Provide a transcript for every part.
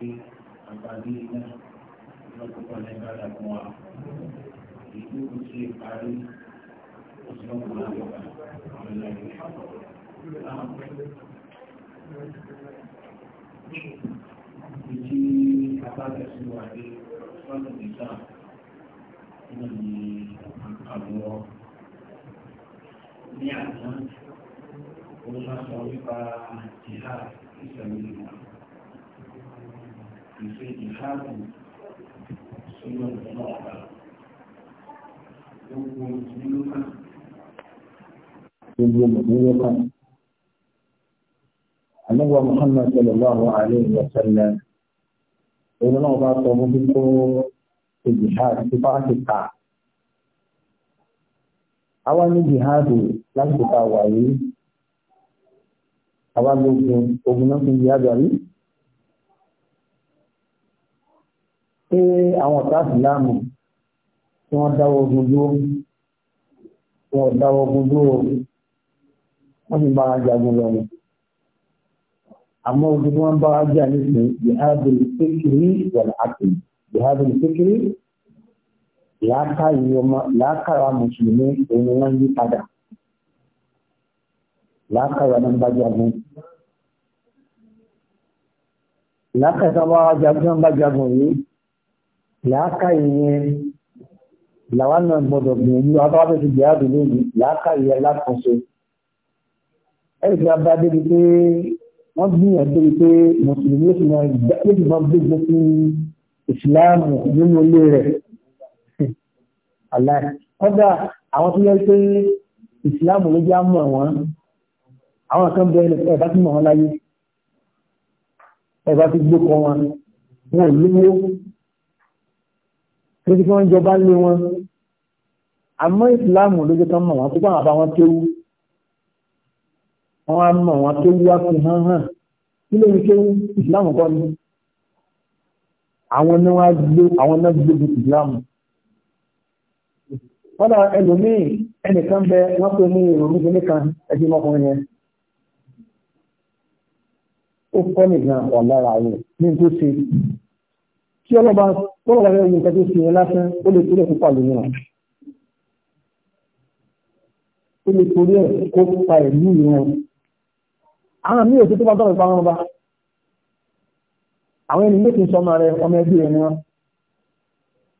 pé àgbàdé iná lọ́kọ̀ọ́kọ́ lẹ́gbàdà fún wa èyí tó kù sí parí oṣù lọ́kọ̀ọ́ lọ́kọ̀ọ́ Ìjí àbájẹ̀sí wà ní ọ̀sán ìgbésà náà ni àwọ̀ ní àná, òun máa sọ nípa jihad ìṣẹ̀lẹ̀ ìgbà ìṣe ìṣáàbù sínú ìṣúná ọ̀gá gbogbo ìṣúná kan. gbogbo ìṣúná kan. Ànábì Muhammad sallallahu alayhi wa sallam òun náà bá sọ fún tó ìjìhàdù tó bá ti kà. Àwa ní jìhàdù láti ta wà yìí. Àwa lógun ogun náà fi jìhàdù àrí. pé àwọn ọ̀tá ìsìláàmù tí wọ́n dáwọ́ ogun dúró wọ́n dáwọ́ ogun dúró wọ́n ti bára jagun lọ ni àmọ́ ogun tí wọ́n bára jà nísìnyí jihadul fikiri wal aqli jihadul fikiri làákàrà mùsùlùmí òun ni wọ́n yí padà làákàrà náà bá jagun làákàrà náà bá jagun yìí làákà ìyẹn làwọn náà gbọdọ̀ gbìyànjú abáwọ́ ti jẹ́ àdúgbò yìí làákà ìyẹn látúnṣe ẹ̀rì tí a bá débi pé wọ́n gbìyànjú pé mùsùlùmí yóò sì máa gbégbé sí ìsìláàmù nínú ilé rẹ̀ aláì kọ́dà àwọn tó yẹ pé ìsìláàmù ló já mọ̀ wọ́n àwọn kan bẹ ẹ̀bá tí mọ̀ wọ́n láyé ẹ̀bá tí gbé kọ́ wọn wọn ò lówó lójú kí wọ́n jọba lé wọn àmọ́ ìsìláàmù lójú kan mọ̀ wọn púpọ̀ àbá wọn kéwú wọn á mọ̀ wọn kéwú wá fi hàn hàn nílé ní kéwú ìsìláàmù kọ́ ni àwọn náà wá gbé àwọn náà gbé ju ìsìláàmù kọ́dà ẹlòmíì ẹnìkan bẹ wọ́n pè ní ìrònú kìíní kan ẹbí mọ́kùnrin yẹn ó kọ́ nìkan wà lára rẹ̀ ní tó ṣe kí ọlọ́ba tọ́lọ́ba rẹ̀ yóò tẹ́tí sí ẹ lásán ó lè torí ẹ̀ púpà lómi rà ó lè torí ẹ̀ kó pa ẹ̀mí ìran àwọn míì òtítọ́ bá tọ́lọ̀ ìpamọ́ ọba àwọn ẹni méjì sọmọ rẹ ọmọ ẹbí rẹ ni wọn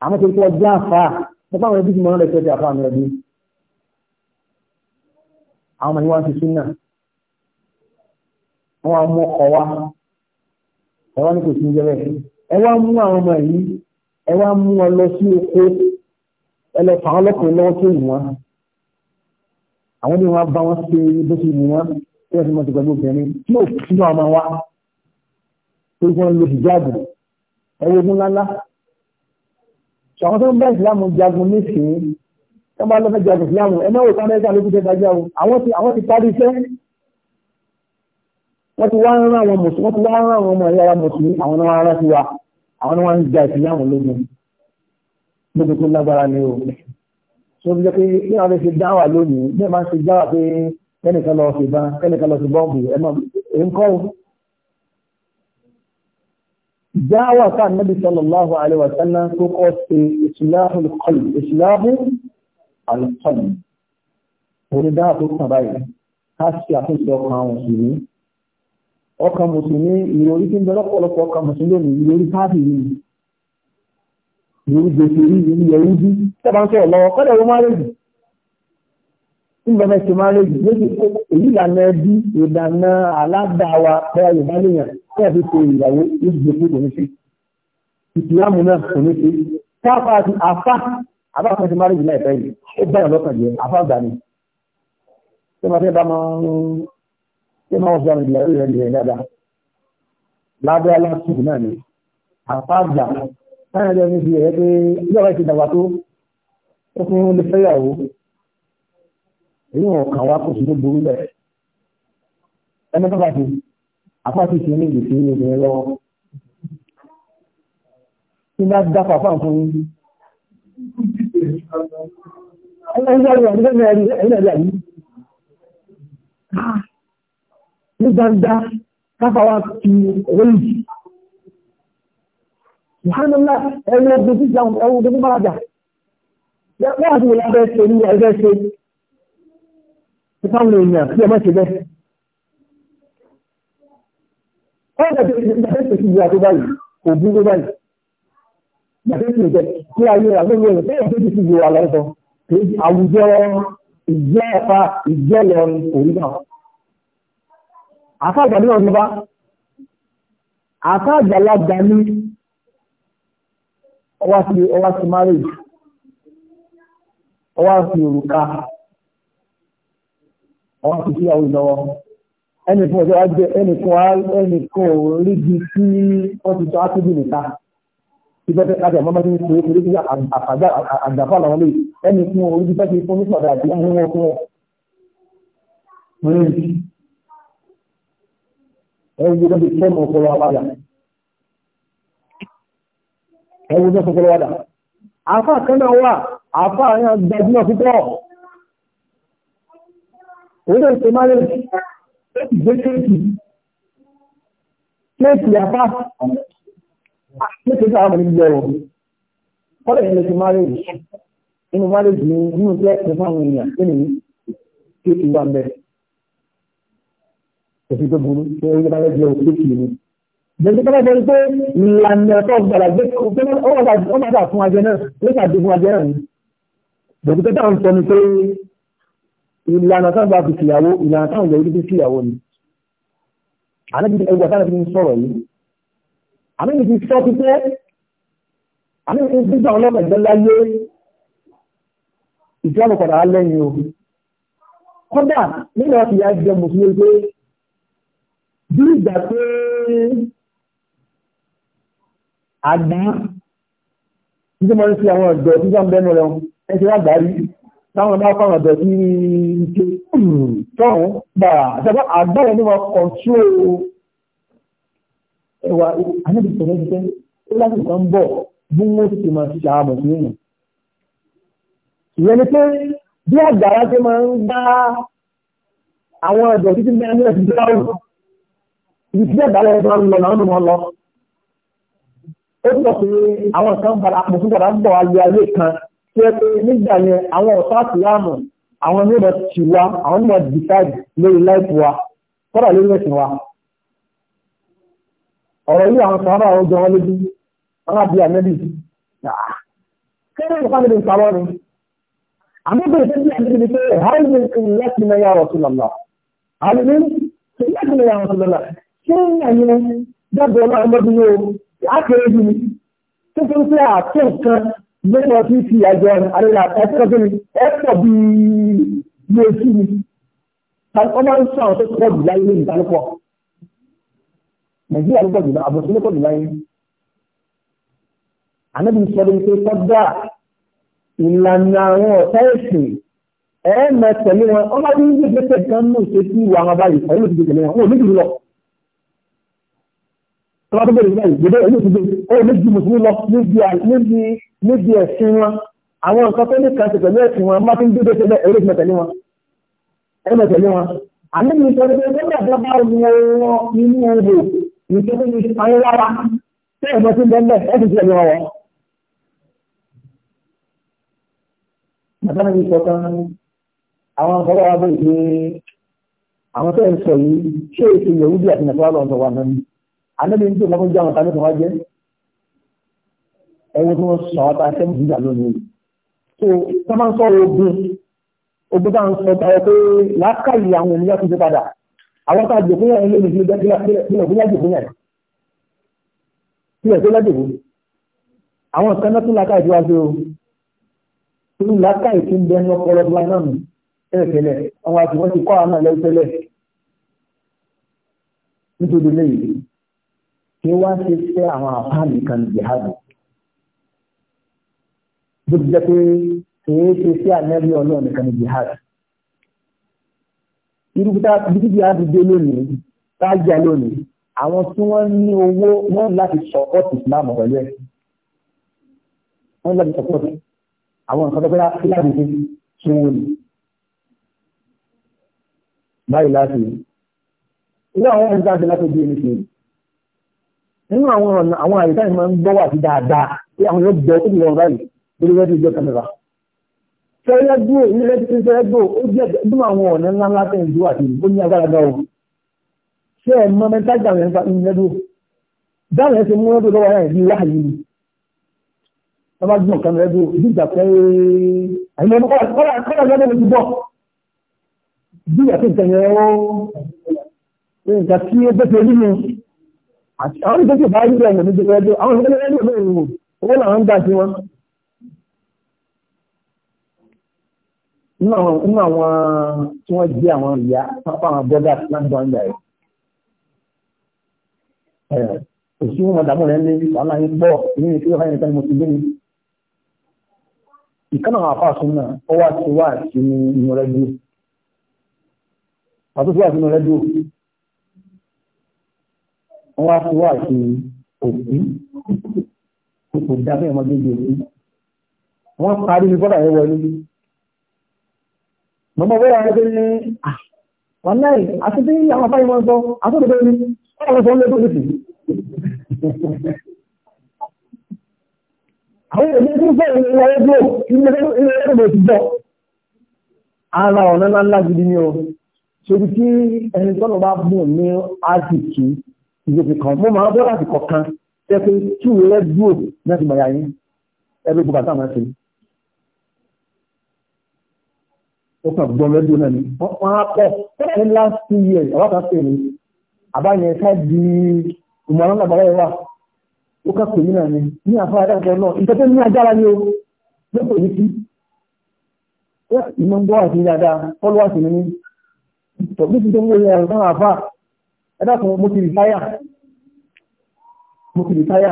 àwọn tó ń tọ́ já àfà nípa àwọn ẹbí tí mo rán àfà àwọn ẹbí àwọn ọmọ yìí wá ti sún náà wọn á mú ọkọ wa ẹ wá ní kò sí ń jẹ bẹ́ẹ̀ ẹ wá mú àwọn ọmọ yìí ẹ wá mú wọn lọ sí oko ẹ lọ fà wọn lọkùnrin lọ́wọ́ tó wù wọn àwọn ni wọn bá wọn ṣe bó ṣe wù wọn tí wọn fi mọ ti pẹ̀lú obìnrin tí yóò fi sínú ọmọ wa tó wọn lo ìjáàbù ẹ wo ogun ńláńlá ṣàwọn tó ń bá ìsìlámù jagun nísìnyí tó ń bá lọ́fẹ́ jagun ìsìlámù ẹ náà wò ká ló ti fẹ́ àwọn ti parí iṣẹ́ wọ́n ti wá ń rán àwọn mùsùlùmí wọ́n ti wá ń rán àwọn ọmọ ẹ̀yà mùsùlùmí àwọn náà rán sí wa àwọn náà ń gba ìsìn láwọn lógun níbi tó lágbára ni o so bí jẹ́ pé bí wọ́n lè ṣe dáwà lónìí bí máa ń ṣe dáwà pé kẹ́nìkan lọ sí ban kẹ́nìkan lọ sí bọ́ọ̀bù ẹ̀ máa ń kọ́ o. dáwà tá a nábì sallallahu alaihi wa sallam tó kọ́ ṣe ìṣìláhùn kọlù ọkàn mùsùlùmí ìròrí tí ń bẹ lọ́pọ̀lọpọ̀ ọkàn mùsùlùmí ìròrí káàfì yìí ìròrí gbèsè rí ìròrí yẹ̀rí bí sábà ń sọ̀rọ̀ lọ́wọ́ kọ́dẹ̀ wọ́n máa lèjì ń bẹ mẹ́sì máa lèjì lójú èyí ìlànà ẹbí ìlànà aládàáwa pẹ́yà yorùbá lèèyàn kẹ́ẹ̀ fi ṣe ìyàwó lójú gbèsè kò ní ṣe ìtìlámù náà kò ní ṣe káfà àti àfà àbá kan ti máa lèjì láìpẹ́ yìí ó bẹ̀rẹ̀ lọ́kàn jẹ́ àfà gbà ni tí wọ́n sọ ìlẹ̀ rẹ̀ lè dáadáa lábẹ́ aláṣùkù náà ni àpáàgbà táyà jẹ́ ní ti rẹ̀ pé ìjọba ti dàgbà tó ó fún un lè fẹ́yàwó èyí wọn kàn wá kò sí tó burú bẹ̀ ẹni tó bá ti àpáàtì ti ní ìgbésí ní obìnrin lọ́wọ́ tí bá dápà fáǹfún yín ẹni tó bá ti wà ní sẹ́yìn ẹ̀rí ẹ̀rí ẹ̀rí ní gbangba káfàwà fi rèéjì ìhánilá ẹ̀rọ ogun tí ìjà ẹ̀rọ ogun tó máa jà wọ́n àti ìlà bẹ́ẹ̀ ṣe ní ẹgbẹ́ ṣe ìfáwọn èèyàn tí ẹ mọ́ṣe bẹ́ẹ̀. wọ́n gbàgbé ìgbàgbé ṣe sí ìjà tó báyìí kò bú tó báyìí gbàgbé ṣe ìjẹ kí ayé àgbẹ̀wò rẹ̀ ìjẹ́ ẹ̀fà ìjẹ́ lọ́rùn kò náà àfáàgbà ní ọ̀nà bá àfáàgbà lágbà ní ọwá sí ọwá sí marriage ọwá sí òrùka ọwá sí síyàwó ìlọ́wọ́ ẹnìkan ọjọ́ ajé ẹnìkan ẹnìkan orígi tí wọ́n ti tọ́ ákébì nìta tí bẹ́ẹ̀ bẹ́ẹ̀ kájà mọ́mọ́ tí ń pè é àgbàfà làwọn lè ẹnìkan orígi bẹ́ẹ̀ ti fún ní sọ̀dà àti ẹnìkan ọkùnrin ẹwù tó fi fọ́ọ̀mù ọpọlọ àpàdà ẹwù tó fọ́ọ̀mù ọpọlọ àpá kanáà wà àpá àyà gbajúmọ̀ púpọ̀ orílẹ̀ èdè máa lè gbé kéèkì kéèkì àpá kéèkì àwọn ọmọ nílẹ̀ ọ̀rọ̀ kọ́lẹ̀ ilẹ̀ ti máa lè inú máa lè jù ní inú tẹ́ ẹ̀fọ́ àwọn èèyàn kéèkì wà mẹ́rin òsì tó burú tó ń gbára jẹ òkú kì í. Jẹ́sí tó bá jẹ́ pé ìlànà ẹ̀kọ́ gbàdà gbé ó máa dà fún ajẹ́ náà ó ṣàdé fún ajẹ́ náà ni. Bẹ̀rù pé táwọn sọ ni pé ìlànà táwọn bá fi ṣìyàwó ìlànà táwọn yẹ̀ fi ṣìyàwó ni. Àná ti ẹgbẹ́ táwọn fi ń sọ̀rọ̀ yìí. Àmì mi ti sọ ti pé àmì mi ti gbà ọlọ́mọ ìgbẹ́ láyé ìjọ́nù padà á lẹ́yìn o. Kọ́dà nígbà tí ìyá jẹ mùsùlùmí pé bí ìgbà pé àdá títí mọ́ sí àwọn ọ̀dọ̀ tí sọ́n bẹ́nu rẹ̀ ẹ̀ṣẹ́ àgbárí táwọn bá fáwọn ọ̀dọ̀ sí ike tọ́hún gbà àtẹ́gbọ́ àgbáyẹ̀ ní wọn kọ̀ tí ó ẹwà àníbi tẹ̀lé tẹ́ ó láti sọ ń bọ̀ bí wọ́n sì máa ṣiṣẹ́ àwọn ọmọ ìlú ìyẹn ni pé bí àgbàrá ṣe máa ń gbá àwọn ọ̀dọ̀ títí mẹ́rin ẹ̀sìn ibi tí ẹ̀dá rẹ̀ lọ lọ lọ́nà wọn lọ. ó sọ pé àwọn kan padà pọ̀ fún padà ń bọ̀ ayé kan tí ẹ pé nígbà yẹn àwọn àwọn ní wá àwọn ní ìmọ̀ decide lórí láìpù wa kọ́dà lórí ẹ̀sìn wa. ọ̀rọ̀ yìí àwọn sọ̀rọ̀ àwọn jọ wọn lójú wọn àmẹ́bí kẹ́rin ìpamọ́ ni ṣé ẹ̀yin dábọ̀ ọlọ́dún yóò lákèrè bí mi tó tó ń pẹ́ àtọ́ nǹkan lẹ́yìn ọtí fi àjọ àríwá ẹ̀kọ́ tó ní ẹ̀pọ̀ bí ilé sí mi ọmọ ń sọ àwọn tó pọ̀ jù láyé lónìí ìbálòpọ̀ nàìjíríà ló pọ̀ jù láyé àbòsí ló pọ̀ jù láyé ànábì sọ lórí pé kọ́dà ìlànà àwọn ọ̀tá ẹ̀sìn ẹ̀ẹ́mẹ̀tẹ̀lé wọn ọmọdé ń gbé gbé tẹ̀sán náà ṣe sí ìwà àwọn abáyé ọ̀hún tọ́lá tó bẹ̀rẹ̀ báyìí gbẹ̀dẹ̀ olóògbé ó méjì mùsùlùmí lọ níbi ẹ̀sìn wọn àwọn nǹkan tó ní kan ṣe pẹ̀lú ẹ̀sìn wọn má fi ń dédé ṣẹlẹ̀ ẹ̀rọ ìmọ̀ tẹ̀lé wọn ẹ̀rọ tẹ̀lé wọn àmì mi sọ pé nígbà tó bá wọ inú odò ìṣẹ́ ní ayé lára tẹ́ ẹ̀mọ́ tí ń bẹ́ mẹ́ ẹ̀sìn tẹ̀lé wọn wọ́n anábì ń tó lọ́kọ́ jẹ́ àwọn tàbí tó wá jẹ́ ẹwọ́n tó wọ́n sọ ọ́ta ṣẹ́ ìjìyà lónìí so tó máa ń sọ ogun ogun bá ń sọ tàwọn pé lákàyè àwọn ènìyàn ti fi padà àwọn tá a jò fún yàrá lónìí sílẹ̀ sílẹ̀ fún yàjò fún yàrá sílẹ̀ tó lọ́jọ́ fún àwọn kan náà tún lákàyè tó wá sí o tún lákàyè tó ń bẹ ní ọpọlọ tó wá náà nù tẹ́lẹ̀ àwọn àti wọ́n ti kọ́ àwọn náà kí wá ṣe fẹ́ àwọn àfáàmì kan jihadu bó ti jẹ́ pé èyí ṣe sí ànẹ́bí ọlọ́run nìkan ní jihadu irúgbìtà bíbí jihadu dé lónìí tájà lónìí àwọn tí wọ́n ní owó wọ́n láti sọ́pọ́tì ìsìláàmù pẹ̀lú ẹ̀ wọ́n láti sọ́pọ́tì àwọn nǹkan tó bẹ́rẹ̀ láti ṣe tí wọ́n ní báyìí láti ilé àwọn ọmọ ìgbà àti láti bí ẹni ṣe nínú àwọn ọ̀nà àwọn àyíká yìí máa ń gbọ́ wà sí dáadáa pé àwọn yóò gbọ́ tó lọ báyìí lórí rẹ́dí ìjọ kẹmẹ́fà. fẹ́rẹ́ dúró ní rẹ́dí tí fẹ́rẹ́ dúró ó jẹ́ nínú àwọn ọ̀nà ńlá ńlá tẹ̀ ń dúró àti ó ní agbára gan o. ṣé ẹ mọ mẹ́ta gbàgbé nípa ìyẹn dúró dáhùn ẹ ṣe mú rẹ́dí lọ́wọ́ rẹ̀ ní wáyé ni. wọ́n bá gbọ́n kan rẹ́dí ìdíjà pé àyìnbó kọ́lá àti àwọn ìgbésí bá rí ẹ̀yàn ní gbogbo ẹjọ́ àwọn ìgbésí ẹjọ́ bẹ́ẹ̀ ni owó làwọn ń gbà sí wọn. nínú àwọn tí wọ́n jẹ́ àwọn ìyá pápá àwọn bọ́dà lágbà rẹ̀ wọ́n wá sí wá sí òsì kò dá fún ọmọdé wọ́n parí ní bọ́dà yẹn wọlé mọ́mọ́ bọ́dà yẹn ní wọn láì àti àwọn afáyín wọn sọ àtúndò bẹ́ẹ̀ ni sọ ń lé àwọn èdè tó fẹ́ẹ̀ ní ọwọ́ bló ilé ti jọ ara ọ̀nà ńlá gidi ni o ṣe tí ẹni tọ́nà bá bùn ní àtìkì ìgbèkè kan mo máa bọ́ láti kọ̀ọ̀kan jẹ́ pé tí ìwé rẹ̀ dúró láti mọ̀ yàyín ẹgbẹ́ gbogbo àtàwọn ẹ̀sìn ó kàn gbọ́n rẹ́díò náà ni wọ́n á pọ̀ ní last two years àwọn kan pè mí àbáyẹn ká di ìmọ̀ràn náà bàbá yẹn wà ó kàn pè mí náà ni ní àfáà dáadáa náà nǹkan tó ní agbára ni o ló pè mí sí ìmọ̀ ń gbọ́ àti dáadáa fọ́lọ́wà sí ni mí ti tó ń wọlé ẹ̀rọ àfáà ẹ̀dàkùn mo ti rìtáyà mo ti rìtáyà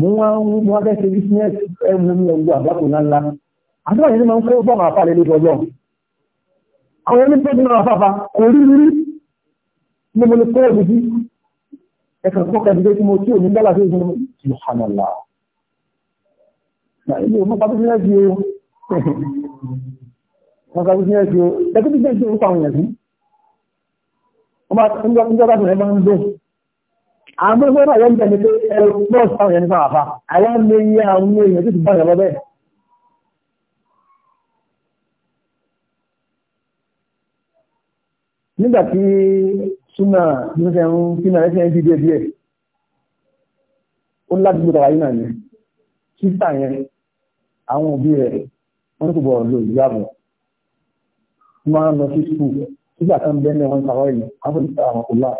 mo wá ń wá bẹ́ẹ̀ ṣe business ẹ̀mú mi ọgbọ́ àbákò ńláńlá àdúrà yẹn ni máa ń kó bọ́ọ̀ àfà lélẹ́ lọ́jọ́ àwọn ẹni tó dín àfàfà kò rí rí ní mo lè kó òbí sí ẹ̀ka kọ́kọ́ ẹ̀dùn tí mo tí ò ní dálà sí ìṣòro àwọn èèyàn ọba ìjọba tó rẹ̀ bá ń gbé àwọn tó rẹ̀ yẹn jẹ́ pé ẹ̀rọ plus táwọn yẹn nípa àfà àwọn lè yẹ àwọn èèyàn tó ti bá ìrọ̀lọ́ bẹ́ẹ̀ nígbà tí súnà nífẹ̀ẹ́ ń súnà àwọn sígbà kan bẹ́ẹ̀ ní wọn ń sàwọ́ yìí wọn fún ìta àwọn kò láà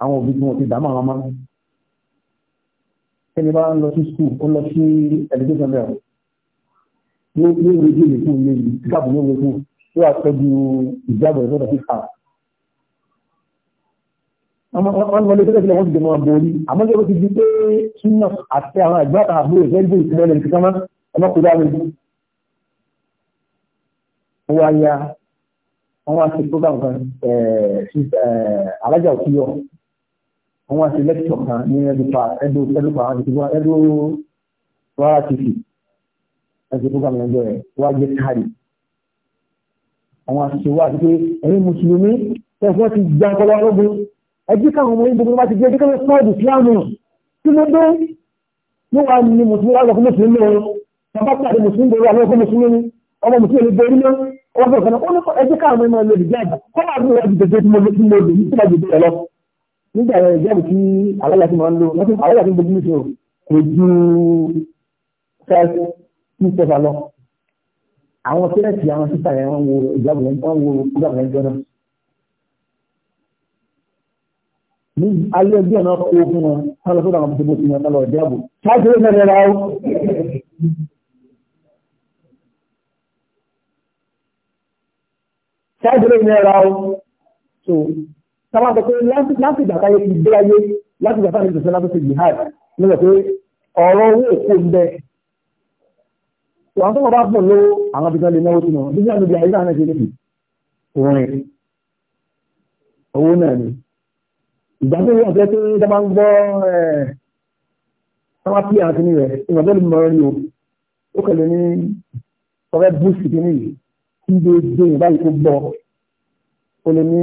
àwọn òbí tí wọn ti dààmú àwọn ọmọ náà kẹ́ni bá ń lọ sí skul ó lọ sí education bẹ́ẹ̀ yóò yóò wéjú ìlú fún ilé yìí gáàbù yóò wéjú yóò àtọ́jú ìjábọ̀ ìfọ́dọ̀ fífà wọ́n lọ lẹ́sẹ̀ sílẹ̀ wọ́n ti dẹ̀mọ́ borí àmọ́ yóò ti di pé súnà àti àwọn àgbàtà àbúrò ìfẹ́lẹ́gbẹ̀ ìfẹ́lẹ́gbẹ̀ ìfẹ́lẹ́gbẹ̀ ìfẹ́lẹ́gbẹ̀ ìfẹ́lẹ́gbẹ̀ ìfẹ́lẹ́gbẹ̀ wọ́n wá sí program kan alájà òkúyọ wọ́n wá sí lecture kan ní ẹdùpà ẹdùpà àti ìgbà ẹdù rárá tv ẹsẹ̀ program yẹn jọ ẹ̀ wá jẹ́ káàdì àwọn àṣìṣe wà àti pé ẹ̀yin mùsùlùmí ẹ̀fọ́ ti gba ọpọlọ ọgbọ́n ẹjí káwọn ọmọ ìdókòwò bá ti gbé ẹjíkàwọn sọ́ọ̀dù ìsìláàmù tí mo dé mo wà ní mùsùlùmí láwọn mùsùlùmí lọ bàbá mùsùlùmí lórí ó bẹ̀rẹ̀ fún un ó ẹjẹ́ káwọn ọmọ ẹlòmí jáde kó máa bí wọ́n dìde tí mo lò tí mo lò ní tíma dìde lọ. nígbà yẹn ìjáde tí àlàyé àti màá ń lò lọ́sùn àlàyé àti gbogbo nìṣó kò ju fẹ́ẹ́sì tí sẹ́fà lọ. àwọn fẹ́ẹ́sì àwọn sísà yẹn wọ́n wo ìjáde yẹn wọ́n wo ìjáde yẹn jọ́nà. ní alẹ́ ẹgbẹ́ náà kó fún wọn kálọ́ sódà àwọn bó ṣáàjúlé ní ẹ̀ra o so sábà sọ pé láti ìgbà táyé ti dé ayé láti ìgbà táyé ti sọ láti ṣe jihad ní wọ́n pé ọ̀rọ̀ owó èkó ń bẹ wọ́n tó wọ́n bá fún lówó àwọn abidjan lè náwó sínú bí wọ́n lóbi àyíká náà ṣe lébi orin owó náà ni ìgbà tó wọ́n fẹ́ pé dábàá ń gbọ́ ẹ̀ sábà pí àti ní rẹ̀ ìgbà tó lè mọ̀ ọ́ ní o ó kẹlẹ̀ ní ọ̀rẹ́ búùsì kìíní yìí kí gbogbo ìgbà yìí kó gbọ́ o lè ní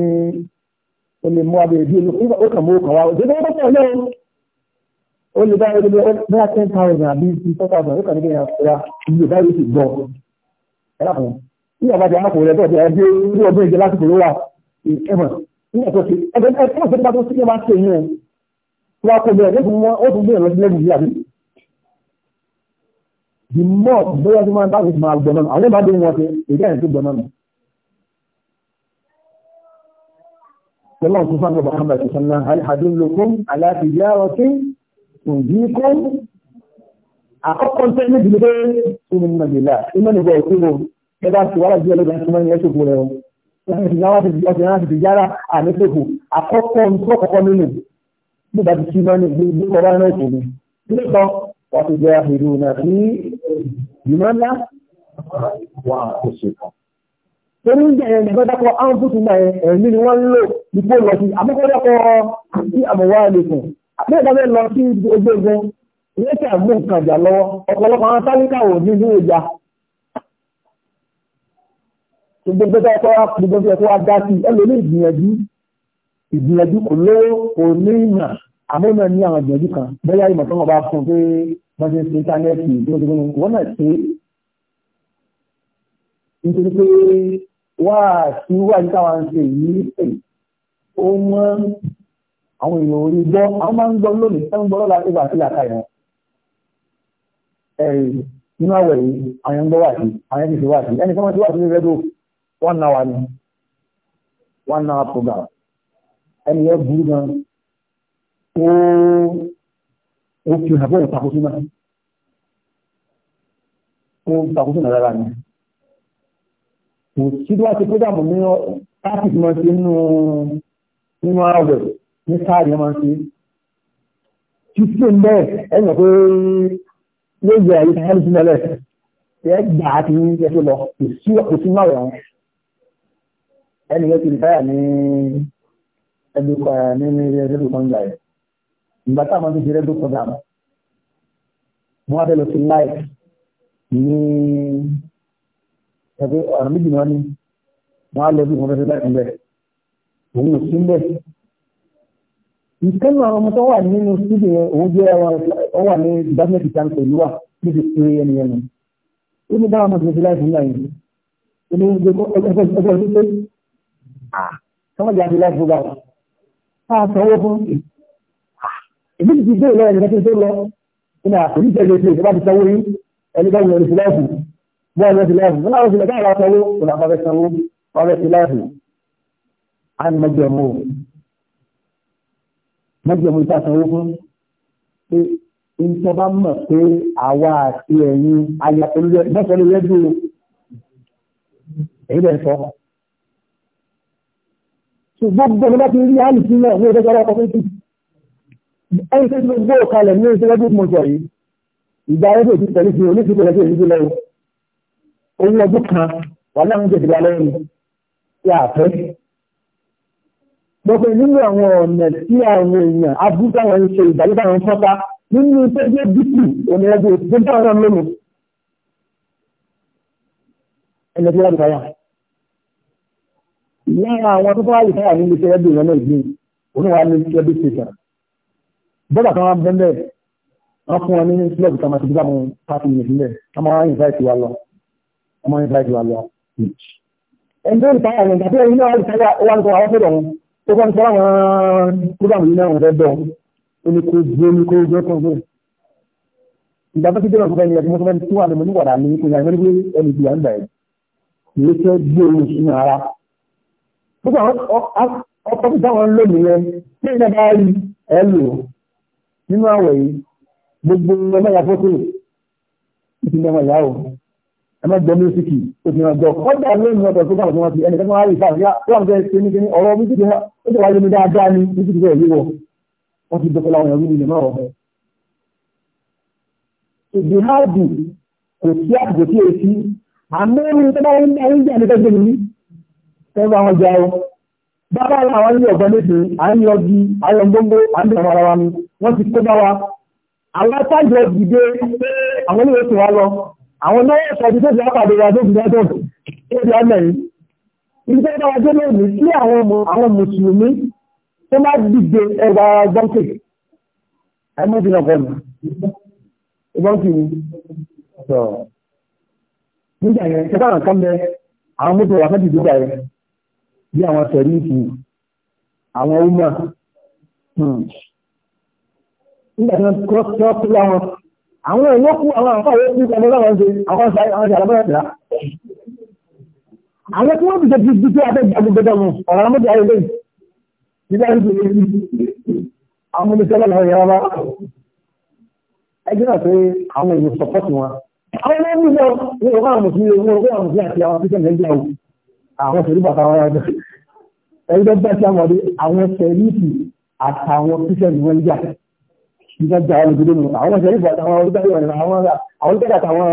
o lè mú abẹ ìdí olú ó kàn mú ọkàn wá o dédé ó pọ̀ lẹ́yìn o lè bá o lè bá ten thousand àbí four thousand ó kàn ní kéèyàn fura iye ìgbà yìí sì gbọ́ ẹ lápò ní ọba tí a kò rẹ bẹ́ẹ̀ bí ẹbí ọdún ìjẹ lásìkò ló wà ẹmọ ní ẹ̀tọ́ sí ẹgbẹ́ ẹgbẹ́ tó bá tó sí kí wọn bá ṣe yẹn wọn kò bẹ̀rẹ̀ ó tún gbé ìrọsílẹ̀ yìí àbí the more bóyá tí wọ́n bá fi máa gbọ́nà àwọn ìbá dé wọn ṣe èdè àyè tó gbọ́nà nù. Tẹ́lọ̀ tún sáńgbọ̀ bá Muhammad Sanna Alhadulukun Aláfiyárọ̀tí Òjìkún. Àkọ́kọ́ ń tẹ́lẹ̀ jùlọ pé ìmọ̀ nínú ìlà ìmọ̀ nìgbà òkú wo ẹ bá ti wàhálà díẹ̀ lọ́gbà ẹ̀sùn mọ́ni ẹ̀ṣùkú rẹ̀ wọn. Ọ̀sẹ̀ náà ti yára àmì Àkọ́kọ́ ń tọ́ kọ́kọ́ nínú. Bí bá ti kí mọ́ni gbogbo ọba náà kò ní. Nígbà wọ́n ti jẹ́ àhìrù náà ní lìmọ́lá wà kò ṣe kan. Torí ń bẹ̀rẹ̀ nìkan dákọ̀ àwọn tó ti máa ẹ̀mí ni wọ́n ń lò nípò lọ sí àmọ́kọ́dọ́kọ̀ sí àbọ̀wá àlekùn. Bẹ́ẹ̀ bá bẹ́ẹ̀ lọ sí ojú ogun, ilé tí a mú nǹkan jà lọ́wọ́, ọ̀pọ̀lọpọ̀ àwọn tálákà ò ní ní ìjà. Gbogbo tó ẹ̀kọ́ wá gbogbo tó ẹ̀kọ́ wá dá sí ẹlòmí ìgbìyànjú ìgbìyànjú kò lówó kò ní ìmọ̀ àmọ́ náà ní àwọn ìgbìyànjú kan bẹ́ẹ̀ yá ìmọ̀ tó wọn bá fún pé wọ́n ti ń ṣe íńtánẹ́ẹ̀tì tó ti gbóni wọ́n náà ṣe nítorí pé wá sí wá ní táwa ń ṣe yìí pé ó mọ àwọn èèyàn orí gbọ́ àwọn máa ń gbọ́ lónìí tó ń gbọ́ lọ́la tó bá sí làkà yẹn nínú àwẹ̀ yìí àwọn gbọ́ wà sí àwọn ẹ̀sìn ti wà sí ẹnì kan máa ti wà sí rẹ́dò one hour ni one hour program ẹnì yẹn burú gan ó ó fi hàn bóun takoso náà ó takoso náà rárá ni kò sí bí wọ́n ti pẹ́dàmù ní táàkì máa ṣe nínú nínú ààwẹ̀ ní sáàrì máa ṣe títí ń bẹ́ẹ̀ ẹ̀yìn pé yóò yẹ àyè tí wọ́n ti mẹ́lẹ̀ ẹ gbà á ti ń yẹ tó lọ kò sí kò sí máa wẹ̀ wọn ẹni yẹn ti rìtáyà ní ẹdùkọ̀ ní ẹdùkọ̀ ńlá yẹn ìgbà táwọn ti ṣe rẹ́dùkọ̀ dàmú wọ́n fẹ́ lọ sí láì ní ẹgbẹ́ ọ̀rọ̀ méjì náà ni wọ́n á lọ sí wọ́n fẹ́ láì kan bẹ́ẹ̀ òun ò sí ń bẹ̀. ìkẹ́nu àwọn ọmọ tó wà nínú síbi òun jẹ́ ọ wà ní dáfínẹ́tì kan pẹ̀lú wà ní ti pé ẹni ẹnu ó ní báwọn ọmọ tó ti láì fún láì ní ó ní ẹgbẹ́ ọdún pé sọ́mọ́jà ti láì nínú àkòrí tẹ̀lé tí ìjọba ti sanwó yìí ẹni bá wọlé síláàfù bọ́ọ̀ lọ síláàfù wọn láwọn sílẹ̀ káàlà sanwó òun àfọwọ́ sanwó wọn fẹ́ síláàfù á ní mọ́jọ̀mọ́ mọ́jọ̀mọ́ ìta sanwó fún pé ìjọba mọ̀ pé àwa àti ẹ̀yin ayàtọ̀ lọ́sọ̀rọ̀ lẹ́dùn èyí bẹ̀ sọ ṣùgbọ́n gbogbo ọmọdé ti rí àlùfín náà ní ọjọ́ ẹni tó ti gbé kalẹ̀ ní ìṣẹ́lẹ̀ bí mo sọ yìí ìgbà ayé tó tẹ̀lé fi oníṣẹ́ tẹ̀lé fi ìdílé owó ọdún kan wà láwọn oúnjẹ ìdílé alẹ́ mi tí a fẹ́. Gbogbo nínú àwọn ọ̀nà tí àwọn èèyàn abúlé àwọn ń ṣe ìdájọ́ táwọn fọ́ta nínú iṣẹ́ jẹ́ dípù òní ẹgbẹ́ òṣìṣẹ́ táwọn náà lónìí. Ẹnlẹ́ tí wọ́n ti fàyà. Lára àwọn tó fọ́ wà ní bọ́dà kan wá bẹ́ẹ̀ wọ́n fún wọn ní club kan máa ti gbà wọn pàtó yìí sílẹ̀ wọ́n máa ń invite wa lọ wọ́n máa ń invite wa lọ beach. ẹni tó ń ta àwọn ìgbàgbé ẹni náà ìtàlá wà ń kọ àwọn fẹ́rẹ̀ wọn tó kọ́ ń sọ àwọn program yìí náà rẹ̀ bọ̀ ó ní kó gbé ní kó gbé kó gbé. ìgbà tó ti dẹ́rọ̀ fún ẹni ẹni mọ́tò mẹ́rin tí wà lẹ́mọ̀ níwọ̀dà ní kò yàrá mẹ́rin ẹni ìgbìyà ń bẹ̀rẹ̀ ní kẹ́ gbé ohun ìṣúná ara. púpọ̀ ọkọ̀ tó dáwọn lónìí yẹn nínú àwẹ̀ yìí gbogbo ẹmẹ́yà fọ́tò ìtì mẹ́wàá ìyá o ẹmẹ́gbẹ́ mísíkì ó ti rànjọ kọ́dà tó kàwé wọn ti ẹnì kẹ́kọ̀ọ́ àrí yá wọ́n ṣe ní kíní ọ̀rọ̀ mísíkì ó ti wáyé mi dáadáa ní mísíkì bẹ́ẹ̀ yíwọ wọ́n ti dọ́kọ̀ láwọn ẹ̀rú nìyẹn náà ọ̀fẹ́. ìdíhádì kò sí àgbò èsì àmọ́ ẹni tó bàbá àwọn ilé ọ̀gbọ́n méje à ń yọjú ayọ̀ gbogbo à ń bẹ̀rẹ̀ ara wa ni wọ́n ti kó bá wa àwọn tájọ dìde àwọn ilé oṣù wa lọ àwọn náà sọ ti tó ti àpàdé wa tó fi dájọ́ tó fi ọmọ yìí ìgbẹ́ bá wa dé lónìí sí àwọn mùsùlùmí tó má dìde ẹgbà ara gbọ́ǹkì ẹmọ́jì náà bọ́ọ̀lù ìgbọ́ǹkì ni sọ nígbà yẹn kẹta àwọn kan bẹ àwọn mọ́tò wà fẹ́ dìde gbà yẹn bí àwọn tẹ̀lífù àwọn ọmọ nígbàtí wọ́n tọ́pù láwọn àwọn ìlókù àwọn àfáwọ́ ní ọmọdé àwọn ṣe àwọn ṣàlábọ́rẹ̀tìlá àwọn tí wọ́n ti ṣe ti tí abẹ́ gbogbo mú ọ̀rọ̀ ọmọdé ayé lẹ́yìn nígbà tí ó rí àwọn ọmọdé sẹ́lẹ̀ lọ́wọ́ yẹra wá ẹgbẹ́ náà pé àwọn èèyàn sọpọ́tù wọn àwọn ọmọdé náà ní ọkọ̀ àwọn mùsùlùmí àwọn ọkọ̀ àwọn mùsùlùmí àti àwọn kíkẹ́ àwọn ṣèlú bàtà wọn ẹgbẹ́ bá ti àwọn ọdún àwọn sẹ́ríìtì àtàwọn kíṣẹ́lì wọn yà nígbà tí àwọn olùdílé mu àwọn sẹ́ríìtì àtàwọn olùdarí ọ̀nà àwọn olùdarí àtàwọn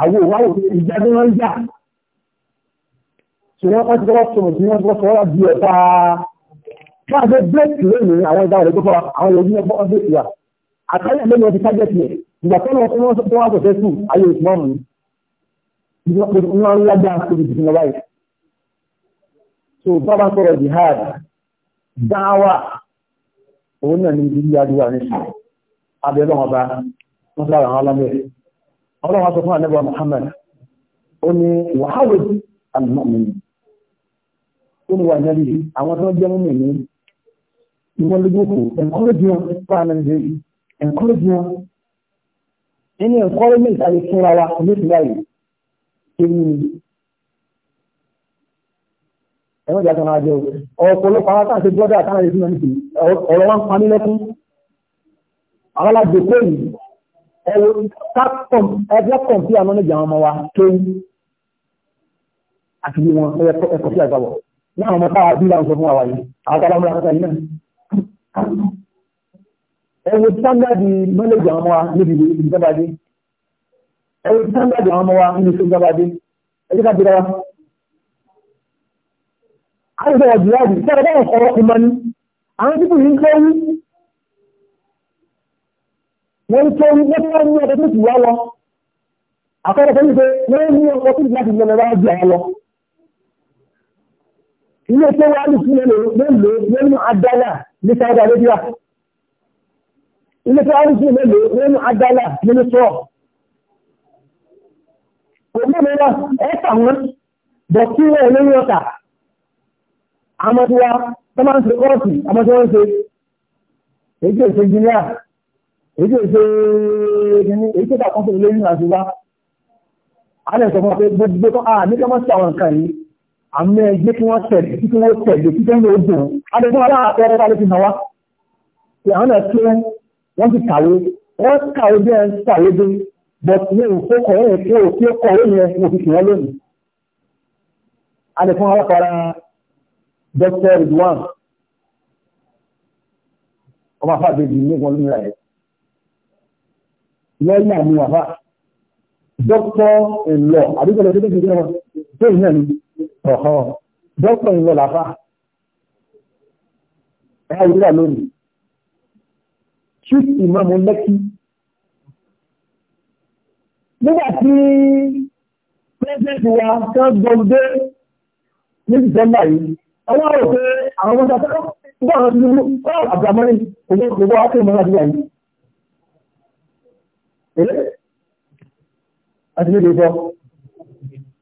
àwọn òwáwò ìjáde wọn yà ṣùgbọ́n wọ́n ti kọ́kọ́ sọ̀rọ̀ sí wọn sọ́kọ́ sọ́wọ́ di ọ̀tá wọ́n àti bírèkì lónìí àwọn ìdá ọ̀rẹ́ gbọ́kọ́ àwọn ìlú ọgbọ́n bírèkì wa àtàlẹ́ lónìí ọtí tágẹ́tì ẹ̀ ìgbà tó wọn tó wọn sọ wọn sọ fẹ́ sùn ayé ìtumọ̀ mi ìgbà tó wọn lágbára kó tó bá bá sọ̀rọ̀ jihad dáwà òun náà ní ilé adúwà ní ṣe abẹ́lọ́wọ́ ọba wọ́n sára àwọn ọlọ́mọ ẹ̀ ọlọ́wọ́ sọ fún àníbọ̀ Muhammad ó ní wàhálà alùmọ́mí ó ní wà nẹ́bí àwọn tó jẹ́ mú mi ní ìwọ́n lójúkù encouragement ẹ̀wọ́n ìjà kan àjẹ́ òwe ọ̀pọ̀lọpọ̀ àwọn táà ṣe brọ́dà táà ṣe fúnmọ́ nìkì ọ̀rọ̀ wọn pa ní lẹ́kún àwọn alájòkó yìí ẹ̀wọ́ ẹgbẹ́ kọ̀m̀pí ànọ́nìjà àwọn ọmọ wa kéwú àti bí wọn ẹ̀kọ́ sí àgbàwọ̀ ní àwọn ọmọ táà bí láwọn sọ fún àwa yìí àwọn táà lámúra kọta yìí náà ẹ̀wọ́ sáńdáàdì mọ́lẹ́jì àwọn ọmọ wa níbi ìjọba dé ẹ̀wọ́ sáńdáàdì wa níbi ìjọba àìsàn ọ̀dùnláàdì tí a bá ọ̀kọ̀rọ̀ ti máa ní àwọn tí kò ní kọ́ wí wọ́n ń kọ́ wí lọ́pọ̀ ní ọdún tó ti wá lọ àkọ́rọ̀ tó ń pé wọ́n ní ọkọ̀ tó ti láti lọ lọ́wọ́ jù á lọ ilé tó wá ní sílẹ̀ mélòó nínú adálà ní Saudi Arabia ilé tó wá ní sílẹ̀ mélòó nínú adálà nínú sọ́ọ̀ òmìnira ẹ̀ka wọn bọ̀ sí wọn lórí ọ̀tà amọ́tíwá tó máa ń ṣe kọ́ọ̀tì amọ́tíwá èyí tó ṣe jìnìyà èyí tó ṣe ìdíní èyí tó dàkọ́ fún ilé nínú àṣìwá fún ọ gbogbo tó àà nígbà máa àwọn nǹkan yìí àmì ẹgbẹ́ kí wọ́n tẹ̀lé kí wọ́n tẹ̀lé kí wọ́n lè dùn a fún aláàpẹẹrẹ ká lè fi hàn wá pé àwọn náà wọ́n ti kàwé wọ́n kàwé bí ẹn kàwé bí but ní òkókò ẹ̀rẹ̀ kí òkú kọ̀wé yẹn Dr. Ridwan ọmọ afábẹ́bí ní wọn lómìnira ẹ̀ lọ́yìn àmì wàfà dókítọ̀ ìlọ àdúgbò tó tẹ̀sí wọn tó ìyẹn ni ọ̀họ́ dókítọ̀ ìlọ làfà ẹ̀ àyíká lónìí chief imam lẹ́kí nígbà tí president wa kan gbọ́ndé ní ìjọba yìí ọwọ́ rẹ̀ pé àwọn ọmọdé akẹ́kọ̀ọ́ gbọ́ àwọn ọmọdé gbọ́ àbúrámọ́rí gbogbo akẹ́ ìmọ̀ àdúrà yìí. Èlé àti ilé ìbọn.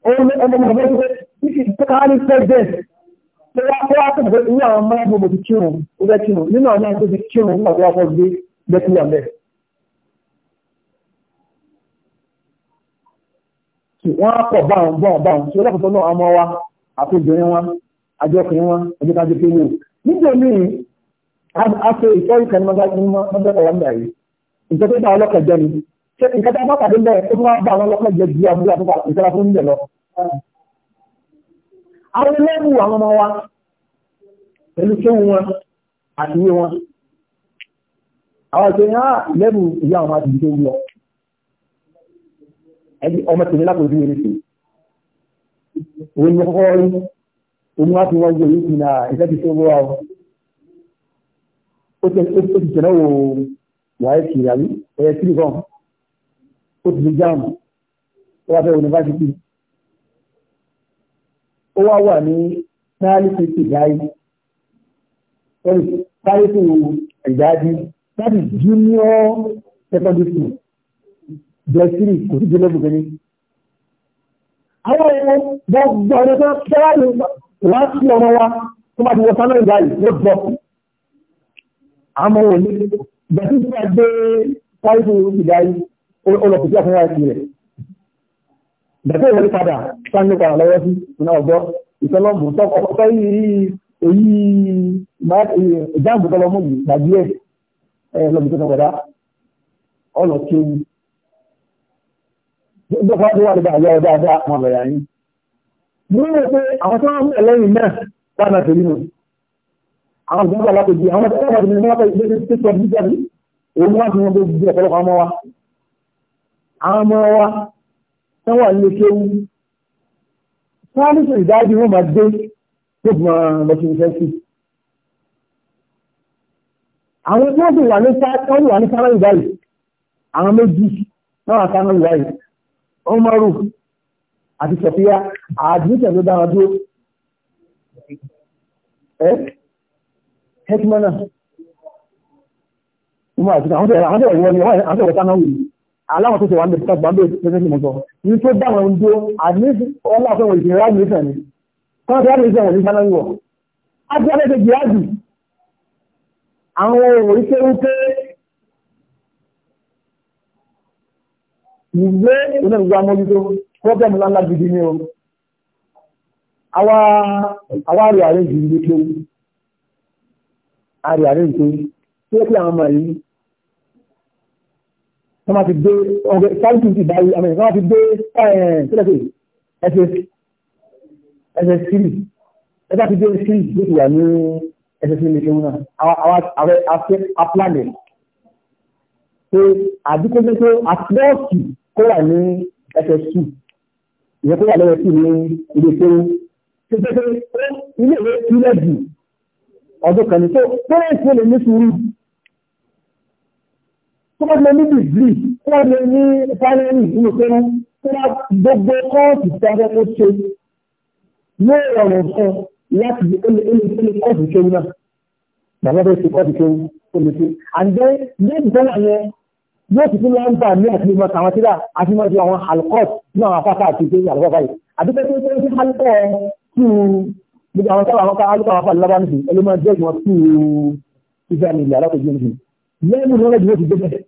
Ó ní ọmọ ọmọdé pé títí káàní president tó wá tó wá tẹ̀lé ní àwọn ọmọ ẹgbẹ́ mo ti kírun ó fẹ́ kírun nínú àwọn ẹgbẹ́ ti kírun nígbà tó wá fọ́ gbé lẹ́kìlì àmẹ́. Wọ́n á pọ̀ báwọn báwọn báwọn tí ó lọ́kọ̀ọ́ náà ọmọ wa àti obìnrin wa àjọkùn wọn àjọkájọ pé yóò nígbà míì a ṣe ìtọ́jú kan ní mọ́gbẹ́kọ̀ wọn bẹ̀rẹ̀ nǹkan tó bá ọlọ́kọ̀ jẹ́ ni nǹkan tó bá pàdé bẹ́ẹ̀ tó bá bá àwọn ọlọ́kọ̀ jẹ́ ju abúlé àtúkọ̀ ìtara fún níbẹ̀ lọ. àwọn ẹlẹ́wù àwọn ọmọ wa pẹ̀lú kéwù wọn àti iye wọn àwọn ìṣe ní lẹ́bù ìyá àwọn àti ìṣe wúlọ ọmọ tèmi lápò ìdíwèrè sí òun ni kọ́kọ́ rí òun wá fi wọ́n gbé yìí nà iṣẹ́ ti tó wọ́ wa o. ó ti tẹ̀lé wo wàá kì í àbí ẹ̀yẹ sílíkọ̀n ó ti fi jáàmù ó wá fẹ́ yunifásitì ó wá wà ní táálífù ìdáyé táálífù ìdáyé láti junior secondary school jẹ́sírì kò sí jẹ́ lọ́gbọ̀n ní. àwọn ọmọ gbọ́dọ̀ tó ń tẹ́wàá láti ọmọ wa tó bá ti wọ sánà ìgbà yìí ló bọ̀. àmọ́ wò ní bẹ̀tí tí a gbé pọ́ìsì ìgbà yìí olùkùsí ọ̀fẹ́ láti rẹ̀. bẹ̀tí ìwọlé padà sáńdé padà lọ́wọ́ sí iná ọ̀gbọ́ ìtọ́lọ́mù tọ́kọ̀ èyí ìjáàbù tọ́lọ́mù yìí gbàgbé ẹ̀ lọ́mù tó tọ́kọ̀dá ọ̀nà kéwu. Gbọ́dọ̀ fún wa ti wà nígbà yọ dáadáa mọ̀ bẹ̀rẹ̀ yín nínú pé àwọn tó ń ẹlẹ́yìn náà dáadáa tèmi nù àwọn ìgbọ́n bàbá tó di àwọn tó wà nínú wọn fẹ́ tó tọ́ bí jáde èyí wọn fi wọn bó di ọ̀pọ̀lọpọ̀ ọmọ wa àwọn ọmọ wa tó wà nílé kéwú sáàmùsùn ìdájú wọn máa dé tó fi máa lọ sí iṣẹ́ sí àwọn tó sì wà ní sáwọn wà ní sáwọn ìdáyì àwọn méjì náà wà sáwọn ìdáyì ọmọ rúkú àti sọ̀fíà àdìmítẹ̀ ló dára dúró ẹ́ hekmana ìmọ̀ àti àwọn tẹ̀wọ̀ wọ́n ni àwọn tẹ̀wọ̀ tánà wù aláwọ̀ tó tẹ̀wọ̀ àmì tàbí pẹ́sẹ̀ sí mọ̀tọ̀ ní tó dá wọn dúró àdìmítẹ̀ ọlọ́pẹ̀wọ̀ ìgbìyànjú ráàdì nìkan ni tọ́nà tẹ̀wọ̀ nìkan wọ̀n ní tánà wù ọ́ gbígbé onígbà mójútó pọ́pẹ́mù lánlá gidi ní o àwa rí àárín jù ní pé àrí àárín pé tí ó pé àwọn ọmọ yìí wọ́n máa ti dé ọgbẹ́ sáyẹ́ǹtì ti báyìí àmì wọ́n máa ti dé ẹ̀ẹ́dẹ́gbẹ̀ ẹ̀ṣẹ̀ ẹ̀ṣẹ̀ sírì ẹ̀ṣẹ̀ ti dé sírì ló ti wà ní ẹ̀ṣẹ̀ sírì lẹ́kẹ̀ẹ́ náà àwọn afẹ́ aplanẹ̀ pé àdúgbò pé àtúbọ̀ọ̀kì kó wà ní ẹsẹ̀ sù ìyẹn kó wà lọ́wọ́ sí ní ilé kéwú títí ilé ìwé sílẹ̀ jù ọdún kan ní tó pẹ́ẹ́sì lè ní sùúrù tó bá lè ní dìgírì tó bá lè ní fáínẹ́lì nínú kéwú tó bá gbogbo kọ́ọ̀tù tí a fẹ́ kó ṣe yóò rọrùn fún láti ilé kọ́ọ̀tù kéwú náà bàbá bẹ́ẹ̀ ṣe kọ́ọ̀tù kéwú tó lè ṣe àǹdẹ́ yóò ti fi lọ ń bà ní àti mọ tàwọn tíra àti mọ ju àwọn alcohol náà àwọn afáfá àti ìgbésí àlùkò báyìí àdúgbò tó ń fi alùpọ̀ tù gbogbo àwọn táwọn àwọn alùpọ̀ àwọn afáfá lábá nìsí ẹlẹ́mọ jẹ́ ìwọ̀n tù ìfẹ́ mi ìlú alákòjú nìsí lẹ́nu lọ́rọ̀ ju ti gbẹ́gbẹ́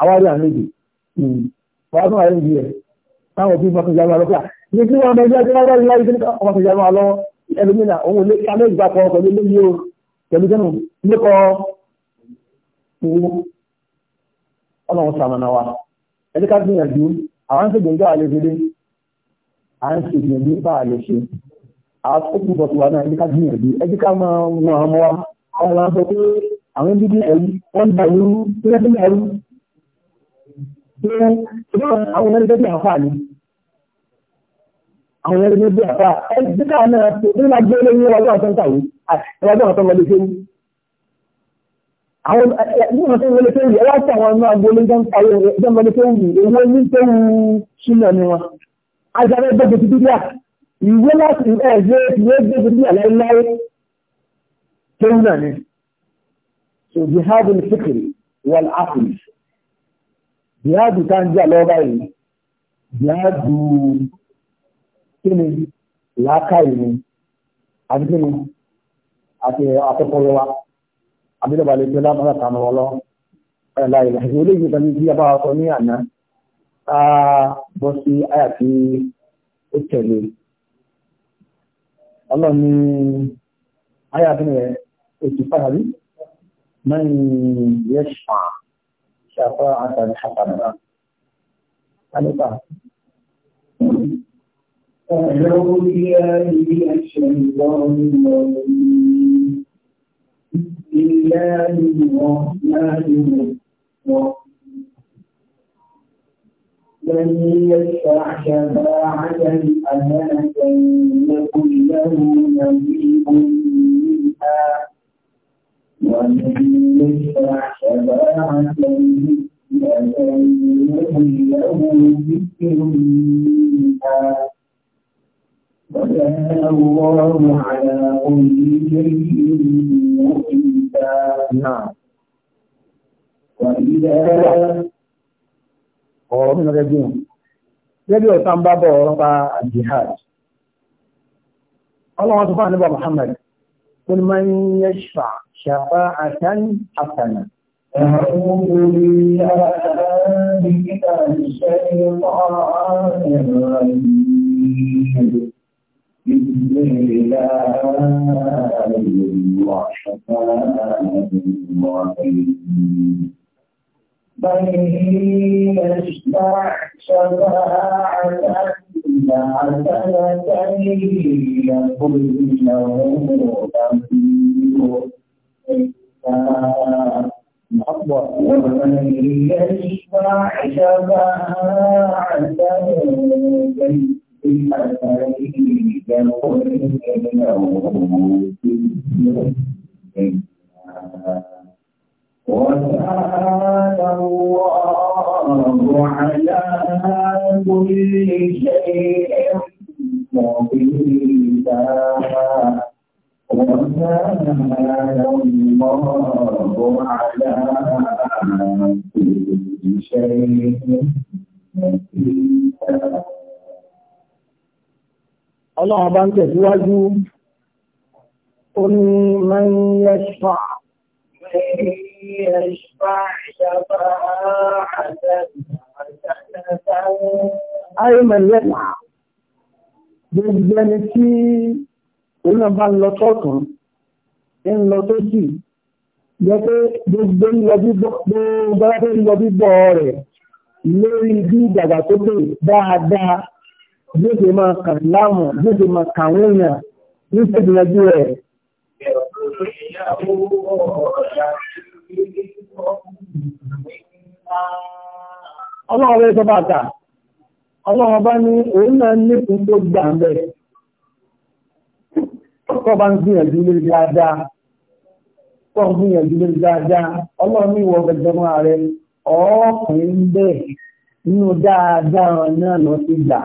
àwárí àwọn èdè hmm. wọ́n tún àwọn èdè rẹ̀ táwọn òbí mọ́tò ìyá wọn lọ́kà ní kí wọ́n mẹ́jọ́ tí wọ́n rọ́ ìyá ìdílé ọmọ ìyá wọn lọ́wọ́ ẹlòmínà òun lè ká lẹ́yìn gbà kọ́ pẹ̀lú lẹ́yìn o pẹ̀lú jẹ́nu lẹ́kọ̀ọ́ ọlọ́run sàmànà wa ẹni ká gbìyànjú àwọn ń ṣègbè ń gbà lè fìdí a ń ṣègbè ń bá lè ṣe àkókò bọ̀tù wa náà ẹni ká gbìyànjú ẹni ká máa wọn àmọ́ wa ọ̀rọ̀ wọn sọ pé àwọn bíbí ẹ̀rú wọ́n ń bẹ̀rù tí wọ́n ti ń ẹ̀rú pé àwọn ẹni tẹ́tí àǹfààní àwọn ẹni tẹ́tí àǹfààní ẹni tẹ́tí àwọn ẹni tẹ́tí àǹfààní ẹni tẹ́tí àwọn ẹni tẹ́tí àǹfààní àwọn ẹgbẹ́ eh, eh, tó wọlé tó wù ẹ wá sí àwọn ọmọ agbolé jẹ́mbọ́lé tó wù owó ní tó wù súnà ni wọn ajabẹ́ gbẹ́gbẹ́ ti dúdú à ìwé láti ẹ̀ẹ́dẹ́ ìwé gbẹ́gbẹ́ ti dúdú à láéláé tó wù náà ni so jihadu fikiri wal afri jihadu tá ń jà lọ́wọ́ báyìí jihadu kí ni làákàyè ni àti kí ni àbílẹ̀bà lè gbé lábára tànà ọlọ́ ẹ̀là ìlàjì olóyìn pẹ̀lú bí a bá sọ ní àná a bọ́ sí àyà tí ó tẹ̀lé ọlọ́ni àyà tí rẹ̀ ètò fàárí mẹ́rin yẹ́ṣà ṣàfà àtàrí àtàrà alẹ́ta أعوذ بالله من الشيطان الرجيم الله الرحمن الرحيم من يشفع شفاعة حسنة يكن له نصيب منها ومن يشفع شفاعة يكن له ذكر منها وكان الله lọ́nà gẹ́gẹ́ bí wọn. Gẹ́gẹ́ bí ọ̀tá ń bá bọ̀ ọ̀rọ̀ pa jihad. Ọlọ́run tó fún àníbà Muhammad, ó ní máa ń yẹ ṣà ṣàfà àtàn àtànà. أعوذ بالله من الشيطان الرجيم بسم الله الرحمن الرحيم بل هي اشفع شفاعة حسنة يقول له ومن يشفع شفاعة سيئة يقول له وكان الله على كل شيء مقيتا وكان الله على كل شيء مقيتا Ọlọ́run bá ń tẹ̀síwájú, ó ní mẹ́yẹ́ ṣáà. يشفع شفاعة أي من يسعى gbogbo ẹni tí oná bá ń lọ tọ́ọ̀tún ń lọ tó sì jẹ́ pé gbogbo ń lọ bíbọ̀ rẹ̀ lórí bí ìdàgbà tó pè dáadáa gbèsè máa kà láwọn gbèsè máa kàwọn èèyàn ní ìṣèjìnlẹ́jú rẹ̀. Ọlọ́run rẹ̀ sọ bàtà, ọlọ́run bá ní òun náà nípin tó gbà ń bẹ̀rẹ̀. Ọkọ̀ bá ń gbìyànjú lórí dáadáa, kọ́ ń gbìyànjú lórí dáadáa, ọlọ́run ní ìwọ̀ gbẹ̀gbẹ̀mọ́ ààrẹ, ọkùnrin bẹ́ẹ̀ nínú dáadáa náà lọ sí gbà.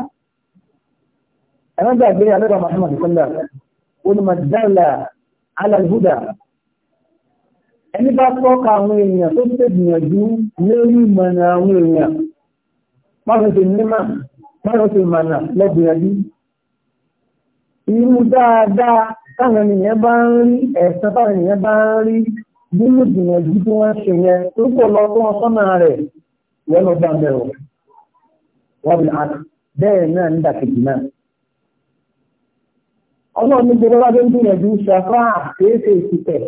ẹni bá tọ́ka àwọn èèyàn tó tẹ̀gbìyànjú lórí ìmọ̀nà àwọn èèyàn márùn-ún nímà márùn-ún ìmọ̀nà lọ́gbìyànjú irú dáadáa táwọn bá ń rí ẹ̀sán táwọn bá ń rí nínú ìgbìyànjú tí wọ́n ṣe yẹn tó pọ̀ lọ rẹ̀ wọ́n lọ bá wọ́n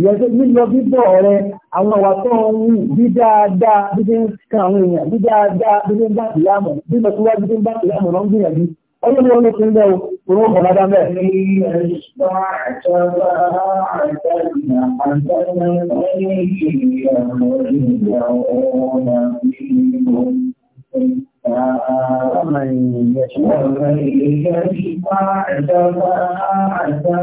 ìyẹ́sẹ̀ lílọ bíbọ̀ rẹ àwọn ọ̀wà tó ń wù bí dáadáa bí ṣe ń kan àwọn èèyàn bí dáadáa bí ṣe ń bá ìyàmọ̀ bí lọ síwájú bí ń bá ìyàmọ̀ lọ ń gbìyànjú ọdún ni wọ́n ló ti ń bẹ́ẹ̀ òun ọ̀pọ̀ ládá bẹ́ẹ̀. ومن يشفع عتبا عتبا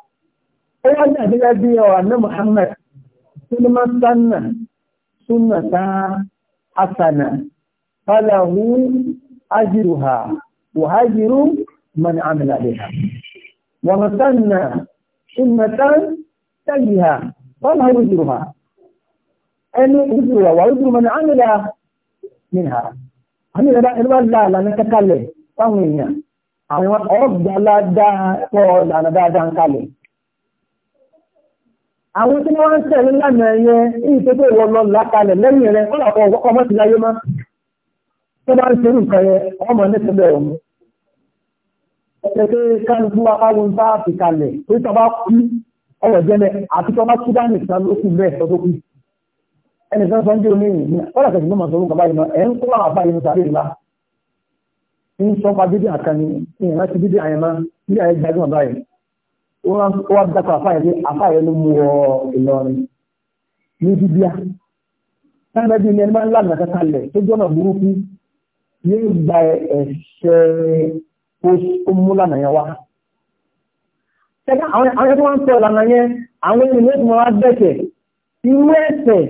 أي أن أهل الدنيا وأن محمد سلم سنة سنة حسنة فله أجرها وأجر من عمل بها ومسنة سنة تجها فله أجرها أن أجرها وأجر من عمل منها أنا لا أنا لا لا نتكلم طويلة أنا أفضل لا دا طول أنا دا دا نتكلم àwọn tí wọ́n ń tẹ̀lé lánà ẹ̀yẹ ìṣẹ́ tó wọ́n lọ lákalẹ̀ lẹ́yìn rẹ̀ wọ́n làkọ̀ ọkọ̀ mọ́ ti láyé má tó bá ń ṣe nǹkan yẹn wọ́n mọ̀ nípínlẹ̀ ọ̀hún ẹ̀ṣẹ̀ pé kálukú apáwọn bá fi kalẹ̀ tó tọ́ bá kú ọwọ́ jẹ́lẹ̀ àti tọ́ bá kú dá nìkan ló kù bẹ́ẹ̀ tọ́ tó kú ẹnì kan sọ ń dé oníyìn ní wọ́n làkọ̀ ìgbìmọ̀ sọ̀rọ̀ nǹkan báyìí náà ẹ̀ ń kó àwọn àbáyé nípa rí ìlà ń sọ pa bíbí àkànní ìyẹn láti bíbí wọ́n wá dákọ̀ àfáàyẹ pé àfáàyẹ ló mú ọ Ìlọrin ní bíbíà táwọn ẹbí ní ẹni máa ń lànà kankanlẹ̀ tó jọ́nà burúkú yóò gba ẹ̀ṣẹ̀ ó mú lànà yẹn wá. ṣẹ́ka àwọn ẹni tó wá ń sọ ìlànà yẹn àwọn ẹni ló mọ̀ wá bẹ̀tẹ̀ irú ẹ̀ṣẹ̀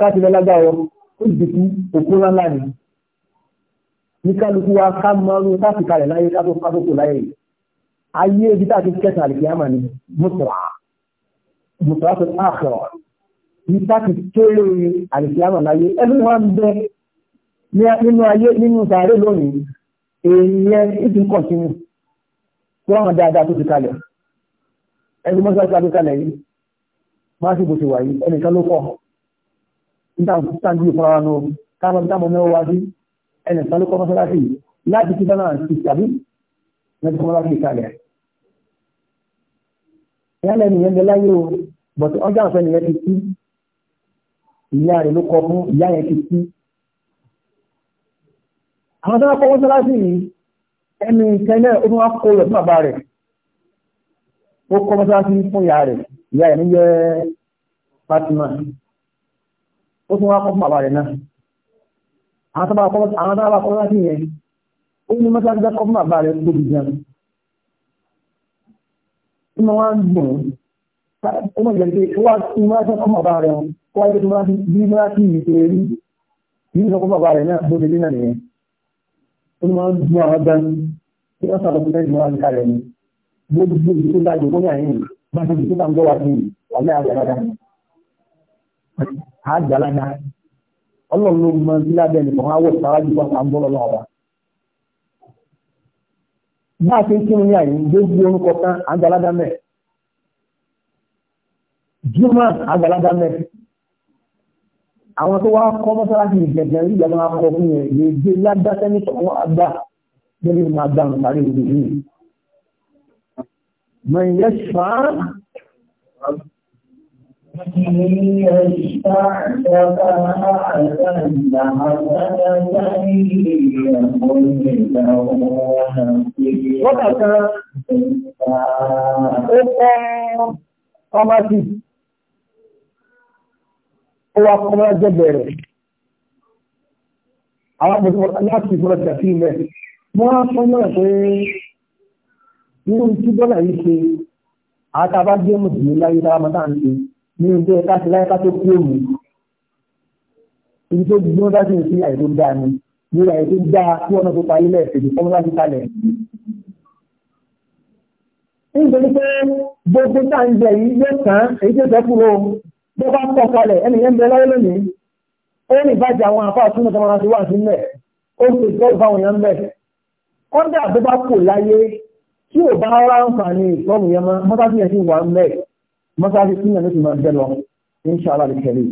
káàkiri lágbàá ó dìkú òkú ńlá ni ní kálukú wa ká mọ́rún láti kalẹ̀ láyé ká tó kátókò láyé ayé ibi tá a ti kẹta àlèkè àmà ni mùsùlá mùsùlá tó akụkọ ní tá kéré àlèkè àmà láyé bẹ nínú ayé nínú sàárè lónìí èèyàn ìdí kọ̀tínú wọ́n dáadáa tó ti kalẹ̀ kalẹ̀ yìí sì bó ti wà yìí ẹnìkan ló ìtàkùn ìfọ̀rọ̀ nù káàmọ̀ ìtàkùn mẹ́wọ́ wá sí ẹnì kan ló kọ́ mọ́sálásì láti kí sáná ti tàbí lọ́dún kọ́ mọ́sálásì kalẹ̀. ìyálẹ̀ nìyẹn bẹ láyé o but ọjọ́ àfẹ́ nìyẹn ti kú ìyá rẹ̀ ló kọ fún ìyá yẹn ti kú. àwọn tó wá kọ́ mọ́sálásì yìí ẹni kẹ́lẹ́ ó tún kó lọ sí bàbá rẹ̀ ó kọ́ mọ́sálásì fún ìyá rẹ̀ ìyá rẹ̀ ní yẹ ó tún wá kọ́ fún bàbá rẹ̀ náà àwọn tábà kọ́ láti yẹn ó ní mọ́sáàtì dákọ́ fún bàbá rẹ̀ tóbi gan tí mo wá ń gbọ̀n ó mọ̀ ìgbàlódé wá tí mo wá sọ fún bàbá rẹ̀ ó wáyé tó bí mo wá sí ìṣe rí bí mo sọ fún bàbá rẹ̀ náà bó ṣe dé náà nìyẹn ó ní wọ́n àgbàlá náà ọlọ́run ló mọ sí lábẹ́ ẹnì kan áwọ̀ sáwájú wọn kà ń bọ́ lọ́wọ́ ọba. bá a ṣe ń kírun ní àyè gbogbo orúkọ kan àgbàlá dá mẹ́ẹ̀. jùmọ̀ àgbàlá dá mẹ́ẹ̀. àwọn tó wá kọ́ mọ́sálásí ìgbẹ̀gbẹ̀ rí ìgbà máa kọ́ fún yẹn gbé ládàṣẹ́ ní tọ́wọ́ àgbà lórí ìmọ̀ àgbà ń parí ìlú yìí. اشتعتك حسنا حسنة يقول له وكذا ọmọ sí ó wá kọ́ mọ́ jẹ́gbẹ̀ rẹ̀ àwọn akẹ́kọ̀ọ́ láti ìfọ́lọ́ ti àti ilẹ̀ wọ́n á fọ́ mọ́ pé nínú tí bọ́lá yìí ṣe àtàbájẹ́ mùsùlùmí láyé dára mọ́ta ń ṣe ní ojú ẹ̀ká ti láyé ká tó kú òmù ibi tó gbọ́n bá sì ń sí àìtó dáa ni ní àyè tó dáa kí ọ̀nà tó parí lẹ́ẹ̀kejì fọ́n láti kalẹ̀. nítorí pé gbogbo tá ń jẹ yìí yóò tán èyí tó fẹ́ kúrò bó bá kọ́ kalẹ̀ ẹnì yẹn ń bẹ láyé lónìí ó ní ìbájẹ́ àwọn afáà túnú tó máa ti wà sílẹ̀ ó sì tọ́ ìfáwọn yẹn ń bẹ̀. kọ́ńdà bó bá kò láyé tí ò bá ránfààní ìtọ́nù yẹn mọ́ mọ́tàbí mọ́sáàsì súnmọ̀ ló ti máa bẹ́ lọ inṣàlá lè tẹ̀lé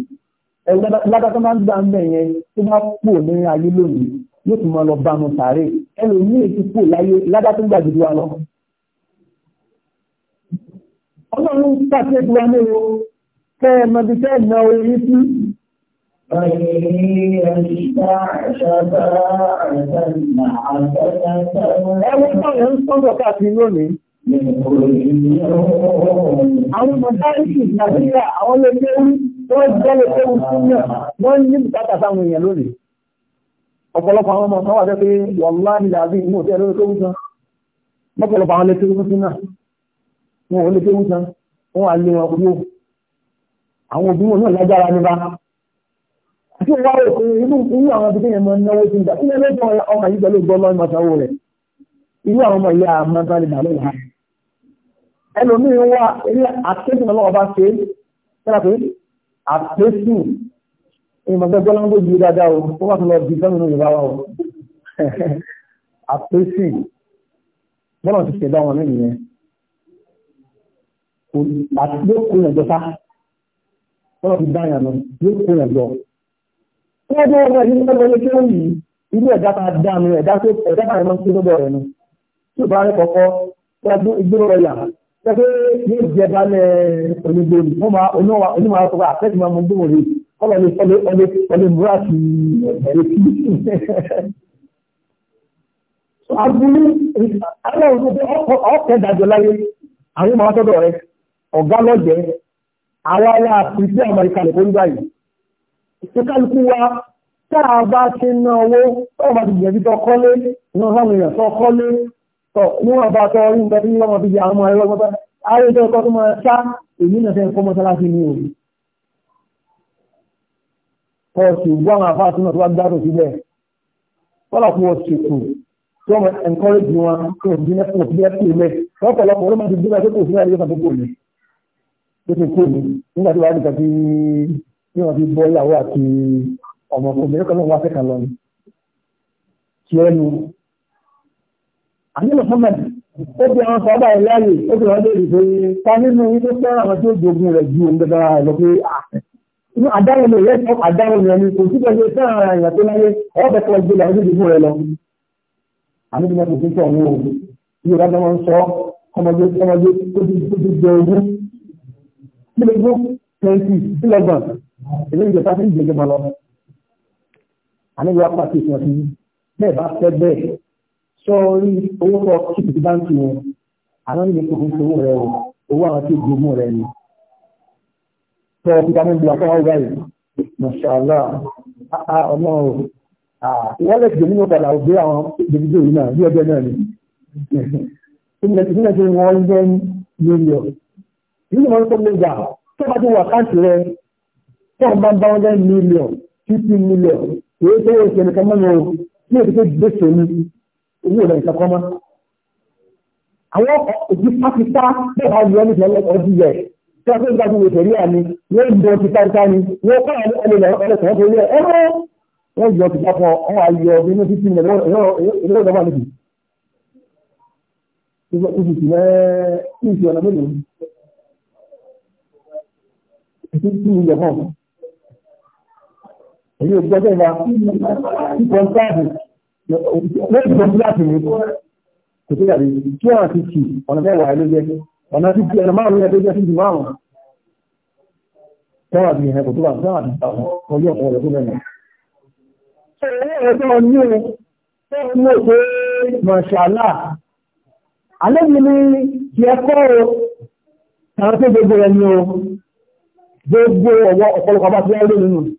lágbàtà máa ń gbà ń bẹ̀ yẹn tó bá pò ní ayé lónìí yóò tún máa lọ bá mu sàárè ẹnu ní èyí pò láyé lágbàtà ń gbà jù wá lọ. ọlọ́run pàṣẹ ìdúrà ní o kẹ́ ẹ mọ ibi tẹ́ ẹ na orí sí. Ẹ wọ́n bá ń sọ́dọ̀ káàkiri lónìí. Àwọn ọmọdé ìgbàgbà àwọn olóògbé wọ́n jẹ́lẹ̀ tó ń fún náà wọ́n ní bùkátà sáwọn èèyàn lónìí. Ọ̀pọ̀lọpọ̀ àwọn ọmọ kan wà jẹ́ pé wọ̀lá nílẹ̀ àbí ìmú òtẹ́ lórí tó wútan. Mọ́pọ̀lọpọ̀ àwọn olóògbé wútan náà. Wọ́n ò lè tó wútan, wọ́n wà lé wọn kúrò. Àwọn òbí wọn náà lágbára ní bá. Àti wọ́n wá rẹ̀ pé inú àwọn abidé yẹn máa ń náwó sí ìgbà. Ilé ẹgbẹ́ ọmọ yìí pẹ̀lú gbọ́lọ́ ìmọ̀sáwó rẹ̀. Irú àwọn ọmọ ìyá àmọ́ ẹlòmíì wà ilé àtẹ́sùn ọlọ́wọ́ bá ṣe kíra pé àtẹ́sùn ìmọ̀gbẹ́gbẹ́ lọ́wọ́ ju dáadáa o ó wà tó lọ bí sọ́nù Yorùbá wa o àtẹ́sùn bọ́lá ti ṣẹ̀dá wọn nínú yẹn àti yóò kó yànjọ sá bọ́lá ti dá yànjọ yóò kó yànjọ. Tí wọ́n dé ọgbà yìí lọ́wọ́ lé kéwọ́n yìí ilé ẹ̀dá ta dá mi ẹ̀dá tó ẹ̀dá ta yẹn máa ń kí lọ́dọ̀ rẹ̀ ni. Tí ò bá rẹ̀ kọ̀ọ̀kọ́ wọ́n gbé ìgbéró rẹ̀ yàrá pẹ́pẹ́ ní ìjẹba ní onígbò ní wọ́n máa oníwà oníwà àtọ́gbà àfẹ́sì máa mú gbòmò rí kọ́lọ̀ ní ọlẹ́ ọlẹ́ ọlẹ́ múra sí ẹ̀rẹ́ sí. Aburú aláwọ̀ tó fẹ́ ọ̀kẹ́ dájọ́ láyé àwọn ọmọ àtọ́dọ̀ rẹ̀ ọ̀gá lọ́jẹ̀ àwọn ará àfìsí Amẹ́ríkà lè kórìíra yìí. Ìṣèkálukú wa tá a bá ti ná owó tó bá ti gbìyànjú tó kọ́lé náà tọ́ níwọ̀n bá tọ́ orí nǹkan tí wọ́n mọ̀ fi jẹ àwọn ọmọ ẹ̀rọ gbọ́gbọ́ ayé tó kọ́ tó mọ̀ ṣá èmi náà fẹ́ kọ́ mọ́sálásí ní òru kọ́ sí wọ́n àwọn afá àtúnà tó wá gbádùn síbẹ̀ kọ́lá kó ṣètò tí wọ́n encourage wọn kí wọ́n dín lẹ́kùn òfin lẹ́kùn ilẹ̀ lọ́pọ̀lọpọ̀ ló máa ti dúró ẹgbẹ́ òfin ẹ̀yọ́ kàtó kò ní ló ti kò ní nígbà tí wàá nìkan tí wọ́n fi bọ́ ìyàwó àti ọmọkùnrin kan náà wá fẹ́ àní Muhammad ó fi àwọn sábà ìláyè ó fi wọ́n léèrè pé ta nínú ilé fẹ́ àwọn tí ó jogun rẹ̀ ju òun dandan ara lọ pé ah, inú àdáwọn lè yẹ fún àdáwọn yẹn ni kò síbẹ̀ ṣe fẹ́ ara èèyàn tó láyé ọ̀rọ̀ bẹ̀ fọ́ ìgbélé àwọn ìdìbò rẹ̀ lọ. àní bí wọ́n ti fi sọ òun o yóò dájọ́ wọn sọ ọmọdé ọmọdé tó ti tó ti jẹ ogún kílógún twenty kílọ̀gbọ̀n èlé ìjọba fi ń jẹjọba lọ. àní bí wọ́n pàṣẹ ìfọ̀sí bẹ́ẹ̀ bá fẹ́ bẹ́ẹ̀ sọ orí owó kọ kíkì tí báńkì yẹn àwọn ènìyàn kò fi ń sowó rẹ o owó àwọn tí gbogbo rẹ ni sọ pípa mi bu àkọ́wọ́ báyìí mọ̀ṣálá ọmọ o wọ́n lè gbé nínú padà ògbé àwọn gbèdégbè yìí náà bí ọjọ́ náà ni ìpínlẹ̀ tí wọ́n ń jẹ́ mílíọ̀nù nínú wọn tó lè gbà tó bá ti wà káàkiri rẹ tó ń bá ń bá wọn lẹ́yìn mílíọ̀nù fifty mílíọ̀nù èyí tó yẹ ìṣẹ̀lẹ̀ kan mọ́nà o ní èdè tó gbèsè ni owó rẹ̀ nǹkan kọ́ mọ́. Àwọn òbí pátítá bẹ́ẹ̀ bá yọ ní ìfẹ́ ọdún yẹ. Tí a fẹ́ gba gbogbo ìfẹ́ rí àmì, wọ́n yọ ti pátítá ni, wọ́n kọ́ àwọn ẹni lọ ẹlẹ́sẹ̀ wọ́n torí ẹ̀ ẹ́ Wọ́n yọ ti pápọ̀, wọ́n á nínú títí ilẹ̀ ìlú ọ̀dọ́ wà níbi. Oṣù lẹ́yìn tó ń láti ní kò tó dàbí kí wọ́n ti kì ọ̀nà mẹ́wàá ló jẹ́ ọ̀nà tí kí ẹ̀nà márùn-ún yẹn tó jẹ́ sí ju márùn-ún tẹ́wà bí ẹ̀kọ́ tó bá tẹ́wà bí ọjọ́ ọ̀pọ̀ rẹ̀ tó bẹ̀rẹ̀ ẹ̀ẹ́dọ́ ní o tó mú pé mọ̀ṣàlá alẹ́bí ní ti o tàbí gbogbo ẹni o gbogbo ọ̀wọ́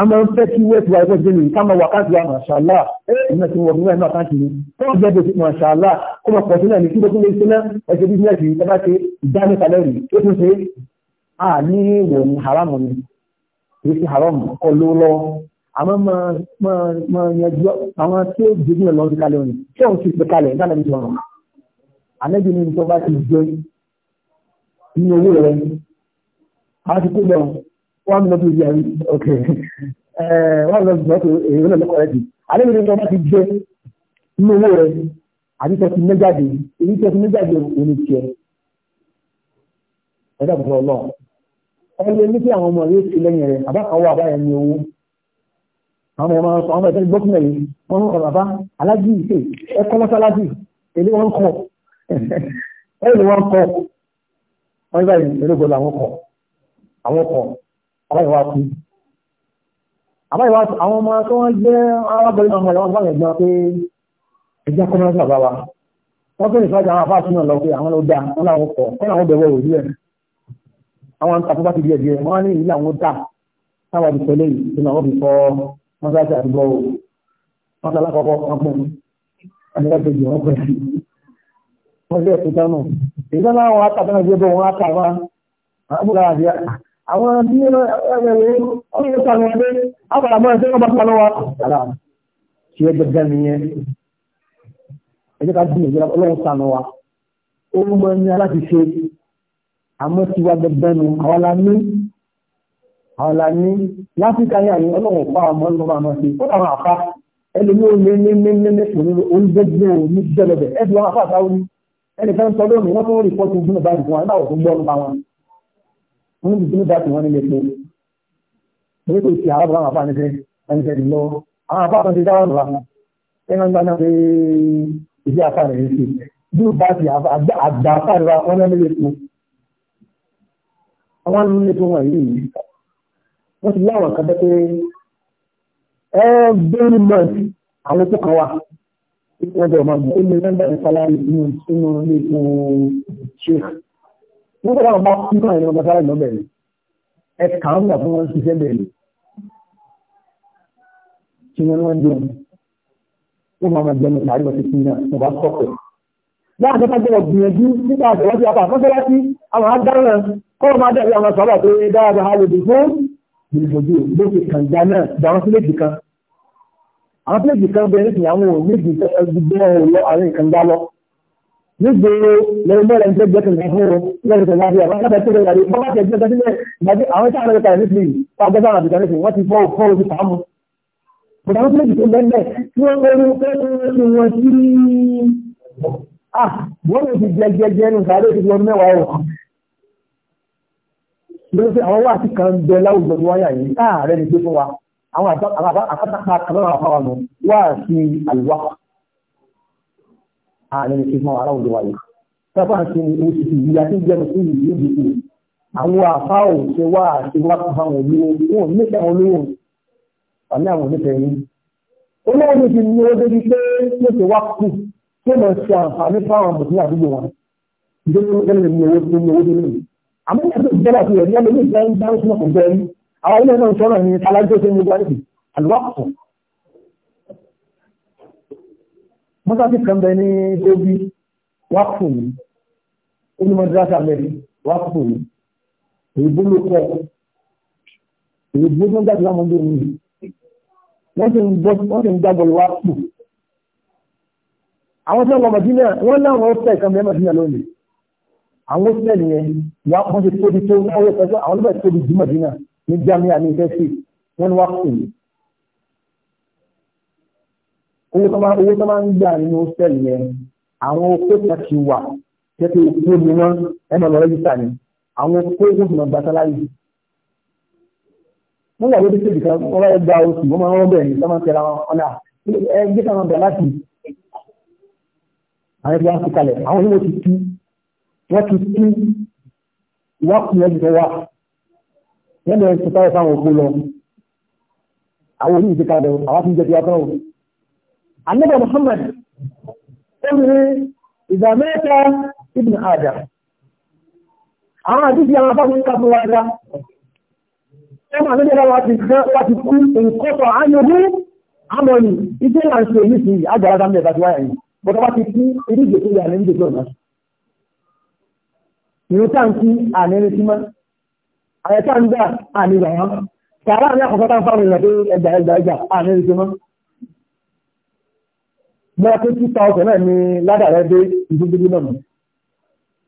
àmọ́ ń fẹ́ kí wẹ́ẹ̀tì wa ẹgbẹ́ gbẹ̀mí ká máa wákàtí wa màṣàlá ẹ̀ẹ́dínà tí wọ́n gbẹ̀mí wákàtí ni tó ń gbẹ̀dọ̀ sí màṣàlá kó máa pọ̀ sí náà ní kí lókun lè ṣe náà ẹ̀ṣẹ̀ bí mẹ́ẹ̀sì yìí tábà ṣe ìdánilẹ́sàlẹ̀ rí ó tún ṣe à ní ìwọ̀ ní haramu ni kì í ṣe haramu kọ ló lọ àmọ́ máa yanjú àwọn tí ó jẹ́gbìn wọ́n eh, eh, mi lọ́dún ìyá yìí ok wọ́n mi lọ́dún ìyá yìí wọ́n lọ́dún ìyá yìí alẹ́ mi ní wọ́n ti jẹ nínú owó rẹ àti tẹ́tí méjàde èyí tẹ́tí méjàde òun ni tiẹ̀ ẹ̀dá bọ̀dọ̀ lọ ọlẹ́ ní kí àwọn ọmọ yóò ṣe lẹ́yìn rẹ̀ àbákawọ́ àbáyẹn ní owó àwọn ọmọ ọmọ ọmọ ìtẹ́lẹ̀ gbọ́kúnlẹ̀ yìí wọ́n ń kọ bàbá alájì ìṣe ẹ̀kọ́ mọ́sálásì èlé wọn kọ ẹ̀rọ wọn kọ wọ́n báyìí ẹ̀rọ gbọ́dọ̀ àwọn kọ àwọn kọ àbáyíwá kú àbáyíwá àwọn ọmọ tó wọ́n jẹ́ arábìnrin ọmọ ìwọ̀n bá yẹn gbọ́n pé ẹjẹ́ kọ́nà sí bàbá wa wọ́n tó lè fọ́jà àwọn afáàsì náà lọ pé àwọn ló dá wọn làwọn kọ̀ kọ́ làwọn bẹ̀wọ̀ òjú ẹ̀ àwọn àtàkùn bá ti díẹ̀ díẹ̀ wọ́n ní ìlú àwọn dá táwọn ti pẹ̀lẹ́ yìí nínú àwọn fi kọ́ mọ́sáàsì àdúgbò wọn sọ alákọ̀ọ́kọ́ wọn pọ̀ ẹ̀ẹ́dẹ́gbẹ̀jì wọn pẹ̀ wọ́n lé ẹ̀kú tánù ìdáná àwọn akàtàn àwọn bí ẹgbẹ̀rẹ̀ ọmọ ìsànà ẹgbẹ́ àpàlàmọ́ ẹ̀sẹ̀ ọba pàlọ́wà àlà tí ó gẹ́gẹ́ nìyẹn ẹjẹ́ ká bí ìjọba ọlọ́run sànà wa ó mọ ní aláti ṣe àmọ́ ti wá gẹ́gẹ́ nu àwọn la ní àwọn la ní láfíríkà ní àyè ọlọ́run pa ọmọ ọlọ́run àmọ́ sí ó dàwọn àfa ẹlòmí ò ní ní ní ní ní kò ní oúnjẹ́gbẹ́ ò ní jẹ́lẹ̀bẹ̀ ẹ ti wọn àfa àtàwọn ẹnìkan sọ lónìí wọ́n tún rìpọ́tù gbọ́n wọ́n ní bìbí nígbà tí wọ́n nílé pé kò sí àwọn àwọn àfáàní fẹ́ lọ àwọn àfáàní fẹ́ dáwọn ọ̀rọ̀ àwọn ẹni gbà pé ìdí àfáàní rẹ̀ sí bí ó bá ti àgbà àfáàní wa wọ́n nílé pé àwọn nílé pé wọ́n yìí wọ́n ti láwọn kan tẹ́ pé every month àwọn tó kan wà wọ́n jẹ́ ọmọ ọmọ ó ní nọ́mbà ìfọlárí inú ilé ìfún ṣéèkì nígbà táwọn bá kú náà ní ọmọ sára ìgbọ́n bẹ̀rẹ̀ ẹ kàn án gbà fún wọn ṣiṣẹ́ bẹ̀rẹ̀ tí wọ́n wọ́n jẹun ó máa máa jẹun láàrin ọ̀sẹ̀ tí náà mo bá sọ̀kọ̀. láti ṣe kájọ gbìyànjú nípa àṣewájú apá mọ́ṣáláṣí àwọn adáran kọ́ máa dàbí àwọn sọ́ọ̀bà tó yẹ dáadáa alòdì fún ìgbòjú lókè kànga náà dáwọn sílẹ̀jì kan àwọn sílẹ̀jì kan bẹ̀rẹ̀ sí àwọn òmìnir nígbè lẹ́gbẹ̀rẹ̀ ní ẹgbẹ́ kan fún un lẹ́gbẹ̀rẹ̀ tó láfíà wọn lábẹ́ tó lè yàrá ìfọwọ́ àti ẹgbẹ́ sílẹ̀ gbàgbé àwọn tí a lọ́dọ̀ kàrẹ̀ nítorí wọn gbọ́dọ̀ àwọn àbìkan nítorí wọ́n ti fọ́ òkú òbí sàámu. bùdá wọn tún lè tó lẹ́lẹ̀ tí wọ́n lórí pẹ́ẹ́rù wọn sí wọ́n ti jẹjẹjẹ nù sáré ti wọn mẹ́wàá ẹ̀wọ̀n. lórí pé àwọn wáàtí kan bẹ láwùjọ tí wọ́n yà yìí láàárẹ̀ ni pé fún wa àwọn àpáta ààrẹ ní ṣígbọ́n ará òjò wáyé sábà ń ṣe ní oṣù tí ìyá tí jẹ́ mọ̀ sí ìlú ìdìbò àwọn àfá ò ṣe wá àti wá fún àwọn olówó wọn nípa àwọn olówó àmì àwọn onífẹ́ yín olówó ní ti ní ó débi pé yóò ṣe wá kù tó mọ̀ ṣe àǹfààní fáwọn mùsùlùmí àdúgbò wọn ìdókòwò tẹ́lẹ̀ ní owó tó ní owó tó ní ní mọ́sáàtì kan bẹ ní tóbi wákùn ní olùmọ̀dúrásà mẹ́rin wákùn ní èyíbó ló kọ́ èyíbó tó ń jáde láwọn ọmọdé mi wọ́n ti ń bọ́ wọ́n ti ń jábọ̀ lọ́wọ́ pù àwọn tó ń wọ mọ̀dínà wọ́n láwọn ọ̀sẹ̀ kan bẹ́ẹ̀ mọ̀dínà lónìí àwọn ọ̀sẹ̀ nìyẹn wà wọ́n ti tóbi tó wọ́n yẹ pẹ̀lú tóbi jù mọ̀dínà ní Jamia ní ìfẹ́ sí wọ́n wákùn ní owó tó máa ń gbà nínú hostel yẹn àwọn okó kan ti wà tẹ́tẹ́ okó ni wọ́n ẹ̀ máa lọ rẹ́jísà ni àwọn okó wọ́n fi máa gba sáláyì. wọ́n wà lórí stage kan wọ́n bá gba oṣù wọ́n máa ń rọ́ bẹ̀rẹ̀ ní sọ́mọ́ tẹ̀ra wọn ọ̀nà ẹ gbé sáwọn bẹ̀rẹ̀ láti àwọn ẹgbẹ́ wọn ti kalẹ̀ àwọn onímọ̀ ti tú wọ́n ti tú ìwákùn ẹ̀jẹ̀ wa yẹn lọ sí táwọn fáwọn okó lọ àwọn onímọ̀ ti kalẹ̀ àwọn ti ń jẹ́ ti wá tán o annabi muhammad ẹni ìdàmẹ́ta ibn adam àwọn àti ìyàwó afọ́fún kàfún wa dá ẹmà ní ẹ̀rọ wa ti kú nǹkọ́tọ̀ ányọ́bú àmọ́ni ìdí ìrànṣẹ́ èyí sí agbára mẹ́ta tí wáyà yìí bọ́tọ̀ wá ti kú irú ìgbésí ìyà ní ìgbésí ọ̀nà ìrú táǹkì àníní sí mọ́ àyẹ̀tàǹdà àníní àwọn tààrà ní àkọ́kọ́ táǹfà mi nà pé ẹgbà ẹgbà ẹgbà àníní sí mọ́ mọ́ pé two thousand náà ni ládàrẹ́ dé ìdúgbò náà mọ́.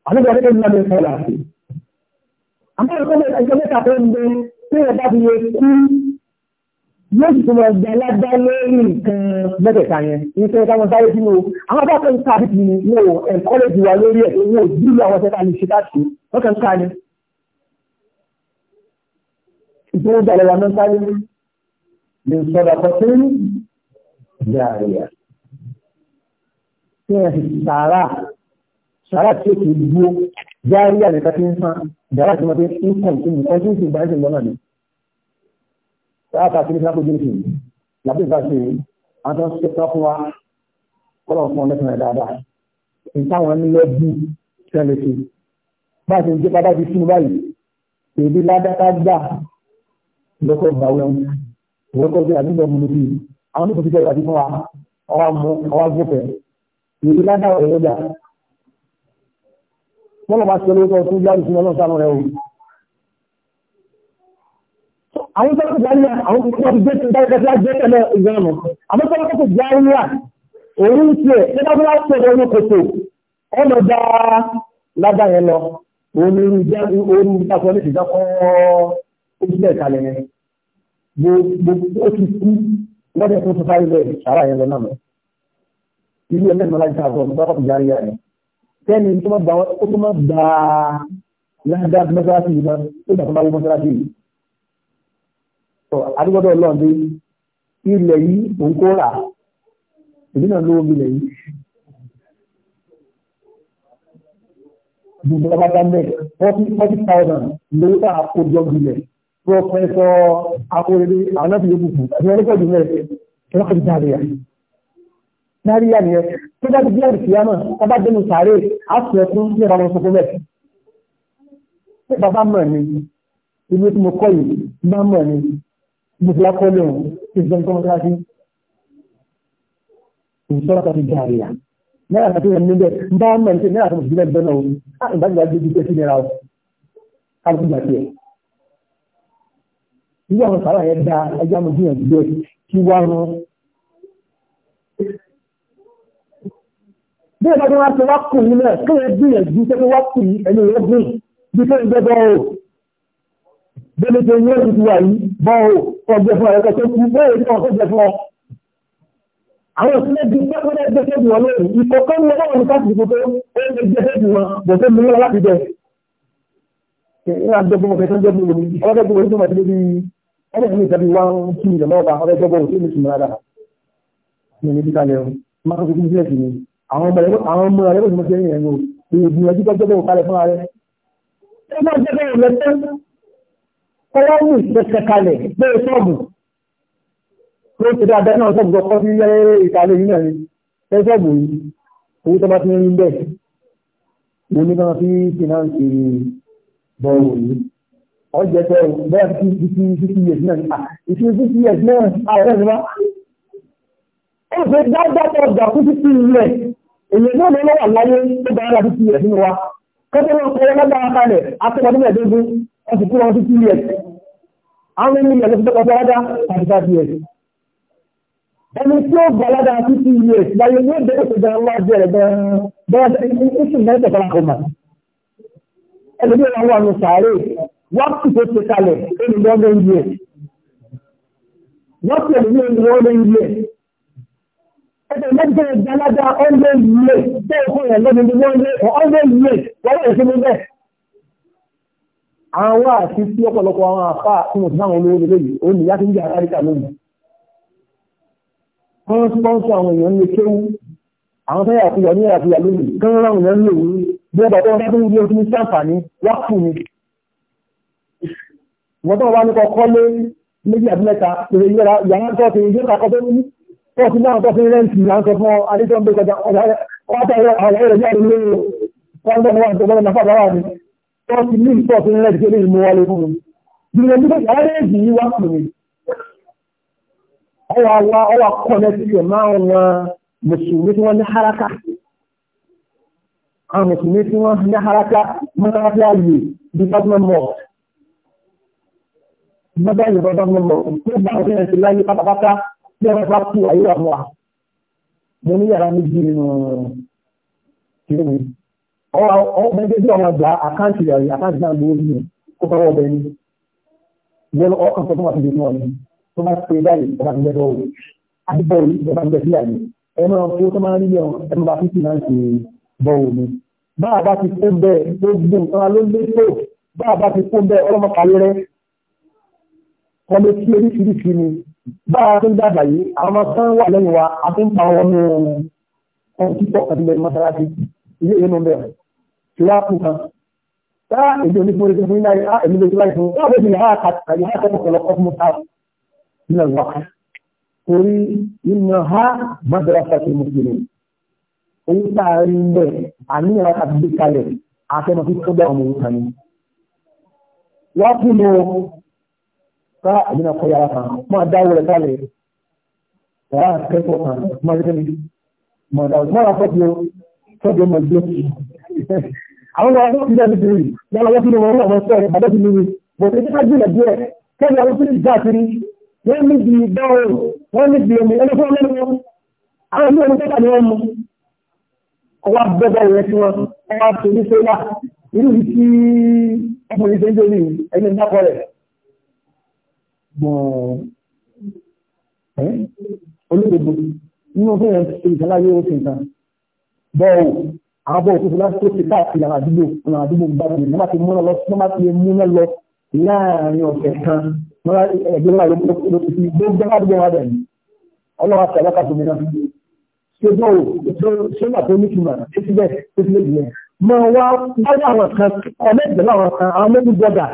àlejò àdéhùn ní ọdún ìfẹ́ làásì. àmọ́ ìjọ mẹ́ta tó ń gbé tí ẹ ẹgbẹ́ aládá lórí nǹkan o àwọn bá kàn ń ká o ẹ̀ńkọ́lẹ́jì wa lórí ẹ̀ owó ìdílé àwọn ṣẹ́ta ní ṣe káàkiri wọ́n kàn ń ká ni. ìṣòro ìdàlẹ̀ wa náà sáré lè sọ̀rọ̀ àkọsílẹ̀ ìyá rẹ̀ tí wọ́n fi sàárà sàárà tí ó ti dúró járí àlẹ́ká tí ń san ìdára tí wọ́n fi ń kàn tí mo kọjú sí ìgbà ìṣẹ̀lẹ̀ lọ́nà ni. sáàtà tí ní sáàkó jẹ́ ìṣẹ̀lẹ̀ làbí ìgbà ṣe àwọn tó ń ṣe tán fún wa kọ́lọ̀ fún ọ lẹ́sìn rẹ̀ dáadáa. ìtàwọn ní lọ́dún ṣẹlẹ̀ sí bá a ṣe ń jẹ́ bàbá ti sínú báyìí èdè ládàkà gbà lọ́kọ̀ bàwẹ̀ wọn lọ́kọ̀ bí àdúgbò mú ìlú ládà ọ̀rẹ́ lọ́jà wọ́n lọ bá ṣe olóòtọ́ tó jáde sí ọlọ́sà rẹ̀ o àwọn tó kọjá ní àwọn tó kọjá gbé tó dájú dájú gbé tẹ́lẹ̀ ìgbẹ́rún àwọn tó kọjá gbá ní à òun ti ẹ̀ tó dájú láti ọ̀dọ̀ ní kòtò ọmọ dá ládà yẹn lọ òun ní ìjáde òun ní ìjákọ́ ní ìjákọ́ ojúlẹ̀ kalẹ̀ yẹn gbogbo ó ti kú lọ́dẹ̀ tó tó sáré bẹ́ẹ̀ sàrà yẹn lọ náà ilé ẹgbẹ́ ìmọ̀lá ìta àbọ̀ nípa ọkọ̀ ìjárí rẹ̀ tẹ́ni tó má gbàwọ́ ó tó má gbà á ládàá tó mọ́sálásí yìí náà ó gbà tó má wó mọ́sálásí yìí. tó adúgbòdò ọlọ́ọ̀dẹ ilẹ̀ yìí mò ń kó rà èmi náà lówó ilẹ̀ yìí. gbogbo abájá mẹ́ forty forty thousand lówó tá a kó jọ gbilẹ̀ pọfẹsọ akóredé àwọn náà ti yókù fún ẹgbẹ́ ẹgbẹ́ ìdúró ẹ̀ ẹ̀ náríyá nìyẹn tó dájú bí ẹ̀rì fìyàmọ̀ ọba dẹnu sàárè àṣẹ fún ní ọba wọn sọkún bẹ́ẹ̀. ṣé bàbá mọ̀ ni ilé tí mo kọ́ yìí bá mọ̀ ni mo fi lákọ́ lé òun tí ìjọba tó ń rá sí. ìṣọ́ra kan ti di àríyá náírà kan tó yẹ níbẹ̀ bá mọ̀ ní náírà kan ti bẹ́ẹ̀ bẹ́ẹ̀ náà ìbájú àti ibi tẹ́sí nira o kálukú gbà tiẹ̀. ìyá àwọn sàrà yẹn dá ẹjọ́ àmójúyàn gbé kí wá rán bí ẹ̀ka tó wá ti wá kù nílẹ̀ kí ẹ gbìyànjú tó wá kù yìí ẹni rẹ̀ gùn bí kí ẹ gbẹ́bọ̀ o bẹ́ẹ̀ tó yẹ ìlú wa yìí bọ́ o ọgbẹ́ fún ẹ̀ka tó kú bẹ́ẹ̀ ní ọkọ̀ jẹ fún ọ. àwọn ìpínlẹ̀ bíi pẹ́pẹ́lẹ́ gbẹ́sẹ̀ jù wọn lórí ìkọ̀kọ́ ní ọwọ́ ní káàkiri kókó ó lè gbẹ́sẹ̀ jù wọn bọ̀ tó mú wọn láti bẹ̀. ìyá àdọ́gbọ́n kẹta àwọn ọmọ rẹ̀ lọ́sọ̀mọ́ sí ẹ̀yìn ẹ̀rọ ìgbìyànjú tó jẹ́bẹ̀ òkàlẹ̀ fún ààrẹ. ẹgbẹ́ jẹ́bẹ̀ ìlẹ́tẹ́ ọlọ́mù ìfẹ́kẹ̀kalẹ̀ pé e sọ́ọ̀bù tó ti dáadẹ́ náà sọ́ọ̀bù tó kọ́ sí ìtàlẹ̀ yìí náà ni ẹ sọ́ọ̀bù yìí owó tó bá ti rí bẹ́ẹ̀ mo ní kan fi fìnáǹsì bọ́ọ̀lù yìí ọjọ́ tẹ bẹ́ẹ̀ fi fi fi fi yẹ̀sì náà ìfi fi fi yẹ̀sì náà ààrẹ ni wá. ó fi dáadáa tó ọjà fún fífi ilẹ̀ èyí náà ló wà láyé tó bá yára títí rẹ̀ sínú wa kọ́tọ́lọ́ ọkọ̀ lágbára kalẹ̀ akọ́kọ́dún ẹ̀dógún ọ̀sì kúrò wọn títí rẹ̀ àwọn ẹni ìyẹn lọ́sọ̀tọ̀ ọ̀sọ̀ lága tàbí tàbí rẹ̀ ẹni tí ó gbà lága títí rẹ̀ láyé yóò dé ètò ìdára wá jẹ́ rẹ̀ gan-an bẹ́ẹ̀ ìsìn náà tẹ̀kọ́ lákọ̀ mà ẹlòmí ọ̀la wà ní sàárè wákì tó ti kalẹ̀ ẹni lọ́ọ́ ẹgbẹ́ mẹ́jọ ìgbàlágbà ọ̀lẹ́ ìlé tẹ́ ìkún rẹ̀ lọ́dún ní wọ́n lé ọ̀lẹ́ ìlé wọ́n lè ṣe níbẹ̀. àwọn àti sí ọ̀pọ̀lọpọ̀ àwọn àfà tí mo ti fáwọn olówó lè lóyìí ó ní yá ti ń jẹ́ àríkà lónìí. wọ́n sponsor àwọn èèyàn ní kéwú àwọn tẹ́yà àfihàn ní àfihàn lónìí kí wọ́n ráwọn èèyàn lè wú bí ọ̀dọ̀ tó ń fẹ́ ní ojú ní sàǹfààní wá fún mi. ìwọ́n tó wà ní kọ́kọ́ lé méjì àbí mẹ́ta ìrẹ̀yẹ́ra yàrá tó ti yẹ́ kakọ́ tó ní Wọ́n náà tọ́ sí rẹ́ǹtì náà sọ fún àdíjọ́ ń bẹ́ kọjá ọ̀tàrẹ ààrẹ rẹ̀ jáde ní ọ̀rọ̀ wọn tó bọ́lá náà fàbáwà ní wọ́n ti ní ìtọ́ sí yàrá bá kú ayé wà mọ́ a mo ní yàrá méjì nínú kiri mi ọwọ́ méjèèjì ọmọ gba àkáǹtì rẹ̀ àkáǹtì náà lówó mi kó fẹ́ wọ́n bẹ́ẹ̀ ni yẹn ọkàn tó máa fi dé náà ni tó máa pe báyìí ìjọba ń bẹ́ẹ̀ lọ́wọ́ àdúgbò ìjọba ń bẹ́ẹ̀ sílẹ̀ ni ẹ máa fi ó tó máa rí yẹn ẹ máa fi fìnáǹsì bọ́ọ̀ mi bá a bá ti kó bẹ́ẹ̀ tó gbé nǹkan ló lé tó bá a bá ti kó bẹ́ẹ̀ ọlọ́mọ bá a tó dàgbà yìí àwọn ọmọ tó wà lẹ́yìn wa a tó ń pa wọn ní ohun títọ́ àti ilẹ̀ mọ́sálásí ilé inú bẹ̀rẹ̀ tí wàá kú kan tá èdè onífúnni tó fún náírà èmi lè tó láì fún wọn bẹ́ẹ̀ ni àyè àtẹ̀kọ̀ ọ̀pọ̀lọpọ̀ fún mọ́tà nílẹ̀ wà kan torí inú ha madrasa ti mùsùlùmí èyí tá a rí bẹ́ẹ̀ àníyàn àti gbé kalẹ̀ àtẹnufí tó dá ọmọ òwúta ni wọ́n kú lóo ká àdínà kọ yàrá kan máa dáwọ́ rẹ̀ kálẹ̀ yàrá akẹ́kọ̀ọ́ kan máa rí kẹ́lẹ́ máa dáwọ́ máa fọ́ ti o fọ́ọ̀dù ọmọ ìgbé àwọn ọmọ ọmọ ìgbé ti rí yàrá wọ́n fi ní wọn rí ọmọ sọ́ọ̀rẹ́ bàbá ti níbi bọ̀ tẹ́tí ká jìnà díẹ̀ kẹ́lẹ́ àwọn fúnni já kiri wọ́n ní bí dáwọ́ wọ́n ní bí omi ẹni fún ọmọ àwọn ọmọ ìgbé ta ni wọ́n mú ọwọ́ abẹ́bẹ́ rẹ̀ tí wọ́n ọwọ́ àti oníṣẹ́ gbọ̀n olóògbò nínú fún yẹn ṣe ìtàn láyé ó ṣe ìtàn bọ́ọ̀ àwọn bọ́ọ̀ tó fi láti tó ti káàkiri àwọn àdúgbò àwọn àdúgbò ń bá mi nígbà tí múná lọ nígbà tí múná lọ láàrin ọ̀sẹ̀ kan múná ẹ̀gbẹ́ náà ló ti fi gbogbo àdúgbò wa bẹ̀ ní ọlọ́wà sàlọ́kà tó mi náà ṣe bọ́ọ̀ ṣé wà tó ní túmọ̀ ṣé síbẹ̀ ṣé síbẹ̀ yẹn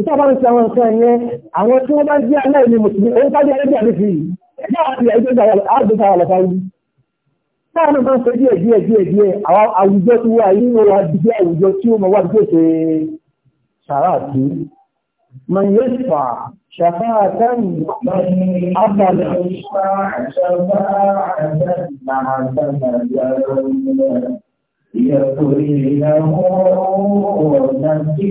Ìta bá ń ṣe àwọn nǹkan ẹ̀yẹ, àwọn tí wọ́n bá jẹ́ aláìní Mùsùlùmí, òun bá jẹ́ fi náà ti ẹgbẹ́ àgbẹ̀ta àlọ́ta yìí. Táwọn náà bá ń ṣe díẹ̀ díẹ̀ díẹ̀ díẹ̀, àwọn àwùjọ tí wọ́n ayé wọn wá díẹ̀ àwùjọ tí wọ́n wá díẹ̀ ṣe ṣàràtú. Mà ń yẹ́sà ṣàfáà àbàlẹ̀. Ìyẹ̀kùn ìrìnàwó ọ̀nà tí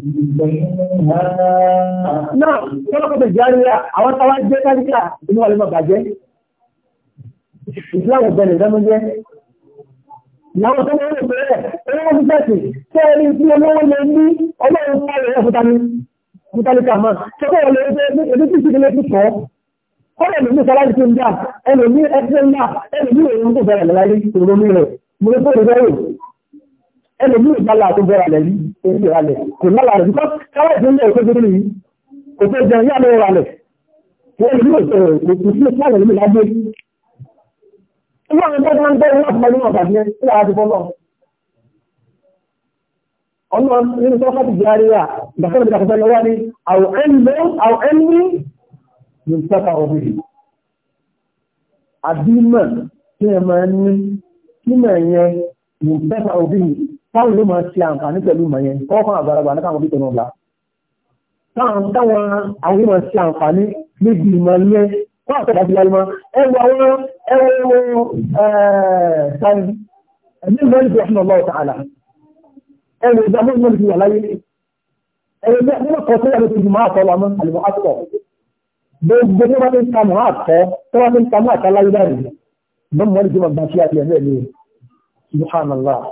Náà, kí wọ́n kọ́kọ́ jẹ́ àríyá, àwọn tàwa jẹ́ káríkà inú ọlọ́mọ bàjẹ́. Ìsìláàmù bẹ̀rẹ̀ lọ́mọdé. Ìyàwó tó wọ́n bẹ̀rẹ̀ ẹ̀rọ fi fẹ́sì, tẹ́ ẹni tí olówó lè ní ọlọ́run ní ọ̀rẹ́ ẹ̀fútani. Fútálíkà máa, kẹ́kọ̀ọ́ lè ṣe ẹni tí ìṣèlú ti pọ̀. Ọ̀rẹ́ mi ní sọlá ti ń dà, ẹni mi ẹgbẹ́ ńlá, ẹni mi ò ẹni ní ìgbàlá tó bẹ́ra lẹ̀ rí orí ìrànlẹ̀ kò lọ́la rẹ̀ nípa káwà ìpínlẹ̀ èkó tó rí òkú ẹjẹun yà lọ́wọ́ rẹ̀ wọ́n ní òṣèlú láàrẹ̀ nínú lágbé wọ́n ní ń bẹ́rẹ̀ láti máa ní ọ̀gá ní ilẹ̀ àti bọ́lọ̀ ọ̀nà nínú tó di àríyá ìdàkọ́nà bí kàkọ́sọ́ lọ́wọ́ táwọn ló máa ṣe àǹfààní pẹ̀lú ìmọ̀ yẹn kọ́kọ́ àgbàlagbà ní káwọn bí tẹnu ọ̀la táwọn àwọn ló máa ṣe àǹfààní níbi ìmọ̀ yẹn wọ́n àtẹ̀dá sí lálẹ́ mọ́ ẹwọ àwọn ẹwọ ẹ̀ẹ́dẹ́gbẹ̀rún ẹ̀mí mẹ́rin tó ṣùnà lọ́wọ́ tààlà ẹwọ ìgbà mọ́ mẹ́rin tó wà láyé ẹwọ mẹ́rin kọ́ tó yàrá tó máa tọ́ lọ́mọ́ àlùmọ́ àtọ̀ gbogbo tó bá ti ń ta mọ́